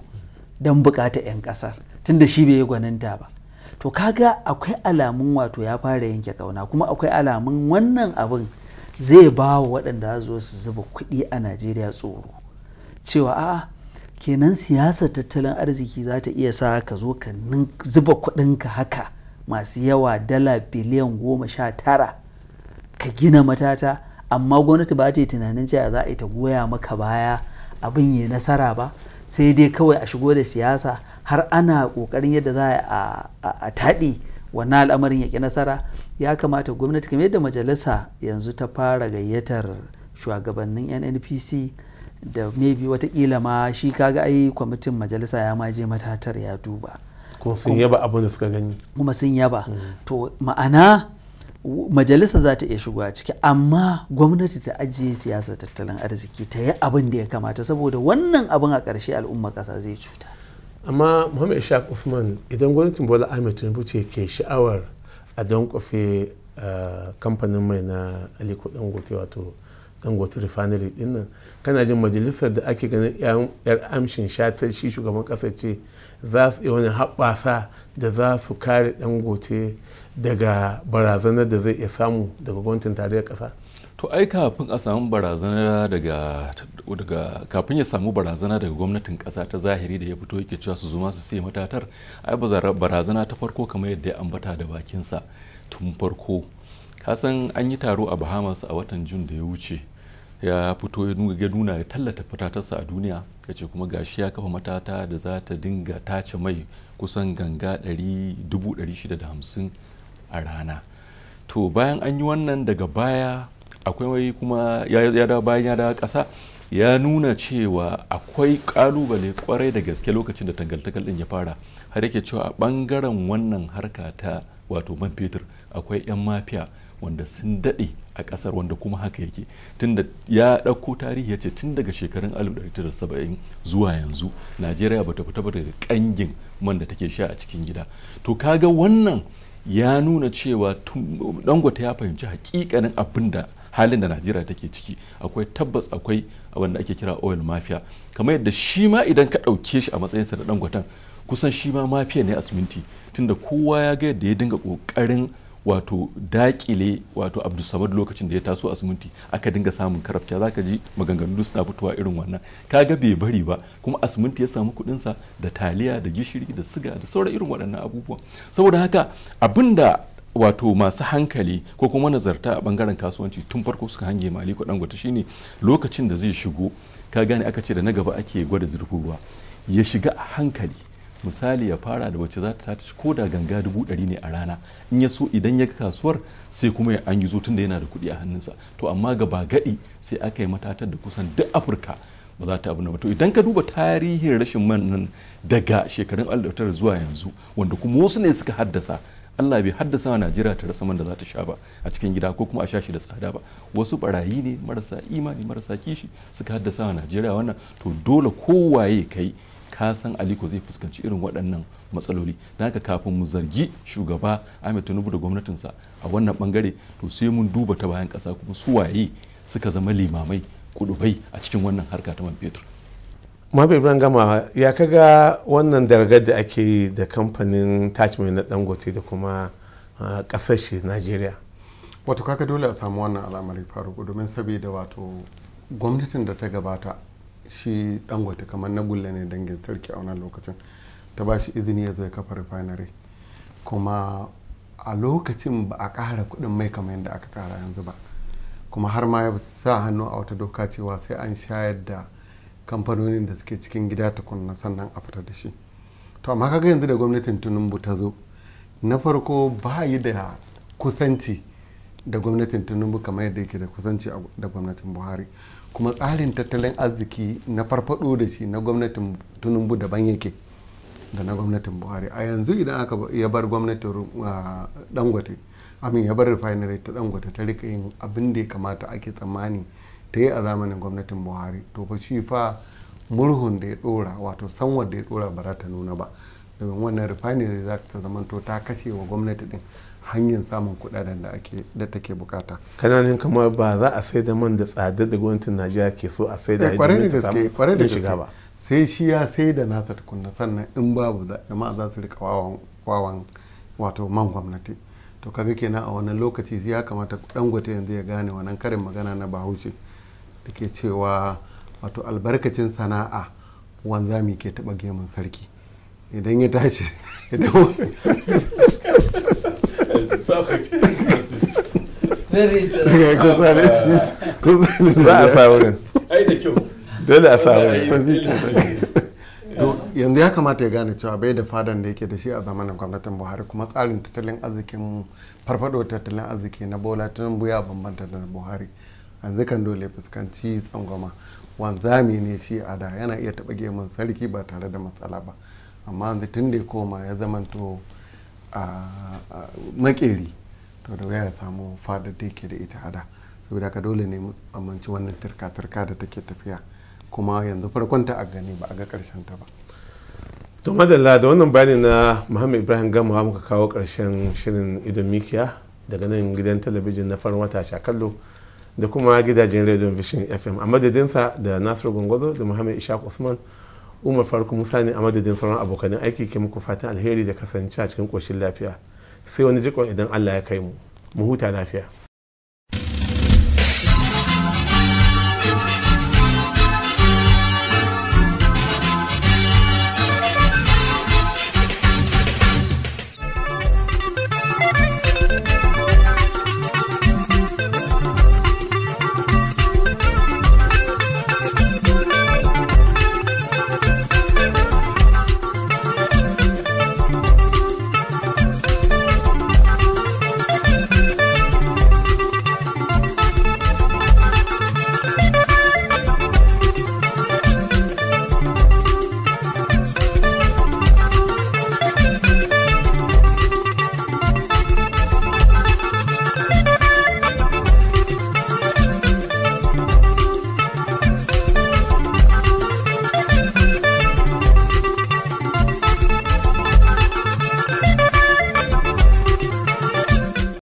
don bukata 'yan ƙasar da shi bai yi gwaninta ba to kaga akwai alamun wato ya fara yanke kauna kuma akwai alamun wannan abin zai ba wa waɗanda za su zuba kuɗi a najeriya tsoro cewa a'a kenan siyasar tattalin arziki za ta iya sa ka zo ka zuba ka haka masu yawa dala biliyan goma sha tara ka gina matata amma gwamnati ba ta yi tunanin cewa za a yi ta goya maka baya abin yi nasara ba sai dai kawai a shigo da siyasa har ana kokarin yadda za a taɗi wannan al'amarin ya ƙi nasara ya kamata gwamnati kamar yadda majalisa yanzu ta fara gayyatar shugabannin nnpc da maybe watakila ma shi kaga ai kwamitin majalisa ya ma je matatar ya duba kuma sun yaba abin da suka gani kuma sun yaba hmm. to ma'ana majalisa za ta iya shigowa ciki amma gwamnati ta ajiye siyasa tattalin arziki ta yi abin da ya kamata saboda wannan abin a ƙarshe al'umma ƙasa zai cuta amma muhammad ishaq usman idan gwamnatin bola ahmed tinubu ce ke sha'awar a don kwafe eh, kamfanin mai na aliko gote wato dangote refinery din nan kana jin majalisar da ake ganin yar amshin shatar shi shugaban kasar ce za su yi wani haɓasa da za su kare dangote daga barazanar da zai iya samu daga gwamnatin tarayyar ƙasa to ai kafin a samu barazana daga kafin ya samu barazana daga gwamnatin kasa ta zahiri da ya fito yake cewa su zuma su sai matatar ai barazana ta farko kamar yadda ya ambata da bakinsa tun farko kasan an yi taro a bahamas a watan jun da ya wuce ya fito ya nuna ya tallata fitatarsa a duniya ya ce kuma gashi ya kafa matata da za ta dinga tace mai kusan ganga 650 a rana to bayan an yi wannan daga baya akwai kuma ya da bayan ya da kasa ya nuna cewa akwai kalubale kwarai da gaske lokacin da tangal din ya fara har yake cewa a bangaren wannan harka ta wato man fetur akwai 'yan mafiya wanda sun daɗe a ƙasar wanda kuma haka yake tunda ya ɗauko tarihi ya ce tun daga shekarun 1970 zuwa yanzu najeriya bata fita ba daga ƙangin man da take sha a cikin gida to kaga wannan ya nuna cewa dangote ya fahimci hakikanin abin da halin da najeriya take ciki akwai tabbas akwai wanda ake kira oil mafia kamar yadda shi ma idan ka ɗauke shi a matsayinsa da dangoten kusan shi ma mafiya ne a siminti tunda kowa ya ga yadda ya dinga ƙoƙarin wato dakile wato abdulsamad lokacin da ya taso asiminti aka dinga samun karafta zaka ji maganganu suna fitowa irin wannan kaga bai bari ba kuma a ya samu kuɗinsa da taliya da gishiri da siga da saura irin waɗannan abubuwa saboda haka abinda wato masu hankali ko kuma nazarta a bangaren kasuwanci tun farko suka hange mali aliko dangote shine lokacin da zai shigo ka gane aka ce da na gaba ake gwada zurfin ruwa ya shiga a hankali misali ya fara da wacce za ta tashi ko da ganga dubu ɗari ne a rana in ya so idan ya kasuwar sai kuma ya an gizo tunda yana da kuɗi a hannunsa to amma gaba gadi sai aka yi matatar da kusan duk afirka ba za ta abu ba to idan ka duba tarihin rashin man nan daga shekarun aldautar zuwa yanzu wanda kuma wasu ne suka haddasa Allah bai haddasa wa Najeriya ta rasa man da za ta sha ba a cikin gida ko kuma a sha shi da tsada ba wasu barayi ne marasa imani marasa kishi suka haddasa wa Najeriya wannan to dole kowaye kai ka san aliko zai fuskanci irin waɗannan matsaloli don haka kafin mu zargi shugaba ahmed tinubu da gwamnatinsa a wannan bangare to sai mun duba ta bayan ƙasa kuma su waye suka zama limamai kudubai a cikin wannan harka ta man fetur mabe ban gama ya kaga wannan dargar da ake yi da kamfanin tachmai na dangote da kuma ƙasashe shi najeriya wato kaka dole a samu wannan al'amari faruku domin saboda wato gwamnatin da ta gabata shi dangote kamar na gulle ne dangin sarki a wannan lokacin ta ba shi izini ya zo ya kafa refinery kuma a lokacin ba a ƙara kuɗin mai kamar yadda aka ƙara yanzu ba kuma har ma ya sa hannu a wata doka cewa sai an shayar da kamfanonin da suke cikin gida tukunna sannan a fitar da shi to amma kaga yanzu da gwamnatin tinubu ta zo na farko ba yi da kusanci da gwamnatin tinubu kamar yadda yake da kusanci da gwamnatin buhari kuma tsarin tattalin arziki na farfado da shi na gwamnatin tunumbu daban yake da na gwamnatin buhari a yanzu idan aka ya bar gwamnatin ah, dangote amin ya bar refinery ta dangote ta rika yin abin da ya kamata ake tsammani ta yi a zamanin gwamnatin buhari to fa shi fa murhun da ya dora wato sanwar da ya dora ba za ta nuna ba domin wannan refinery za ta zamanto ta kashe wa gwamnati din hanyar samun kudaden da ake da take bukata kananin kamar ba za a sai da man da tsada da gwamnatin najeriya ke so a sai eh, da domin ba sai shi ya sai da nasa tukunna sannan in babu jama'a za su rika wawan wato man gwamnati to kaga kenan a wannan lokaci ya kamata gwate yanzu ya gane wannan karin magana na bahaushe da ke cewa wato albarkacin sana'a wanzami ke taba gemun sarki idan ya tashi [LAUGHS] idan Nereye Dole yanzu ya kamata ya gane cewa bai da fadan da yake da shi a zamanin gwamnatin buhari kuma tsarin tattalin arzikin farfado tattalin arziki na bola tinubu ya bambanta da buhari yanzu kan dole fuskanci tsangwama wanzami ne shi a da yana iya taɓa mun sarki ba tare da matsala ba amma yanzu tun da ya koma ya zamanto makeri to da ya samu fadar da yake da ita hada saboda ka dole ne amince wannan turka-turka da take tafiya kuma yanzu farkon ta a gani ba a ga karshen ta ba to madalla da wannan bayani na muhammad ibrahim gama muka kawo karshen shirin idan mikiya daga nan gidan talabijin na farin wata shakallo da kuma gidajen radio vision fm a madadinsa da nasiru gongozo da muhammad ishaq usman umar farko musa ne a madadin sauran abokanin aiki ke muku fatan alheri da kasance a cikin koshin lafiya sai wani jikon idan allah ya kai mu mu huta lafiya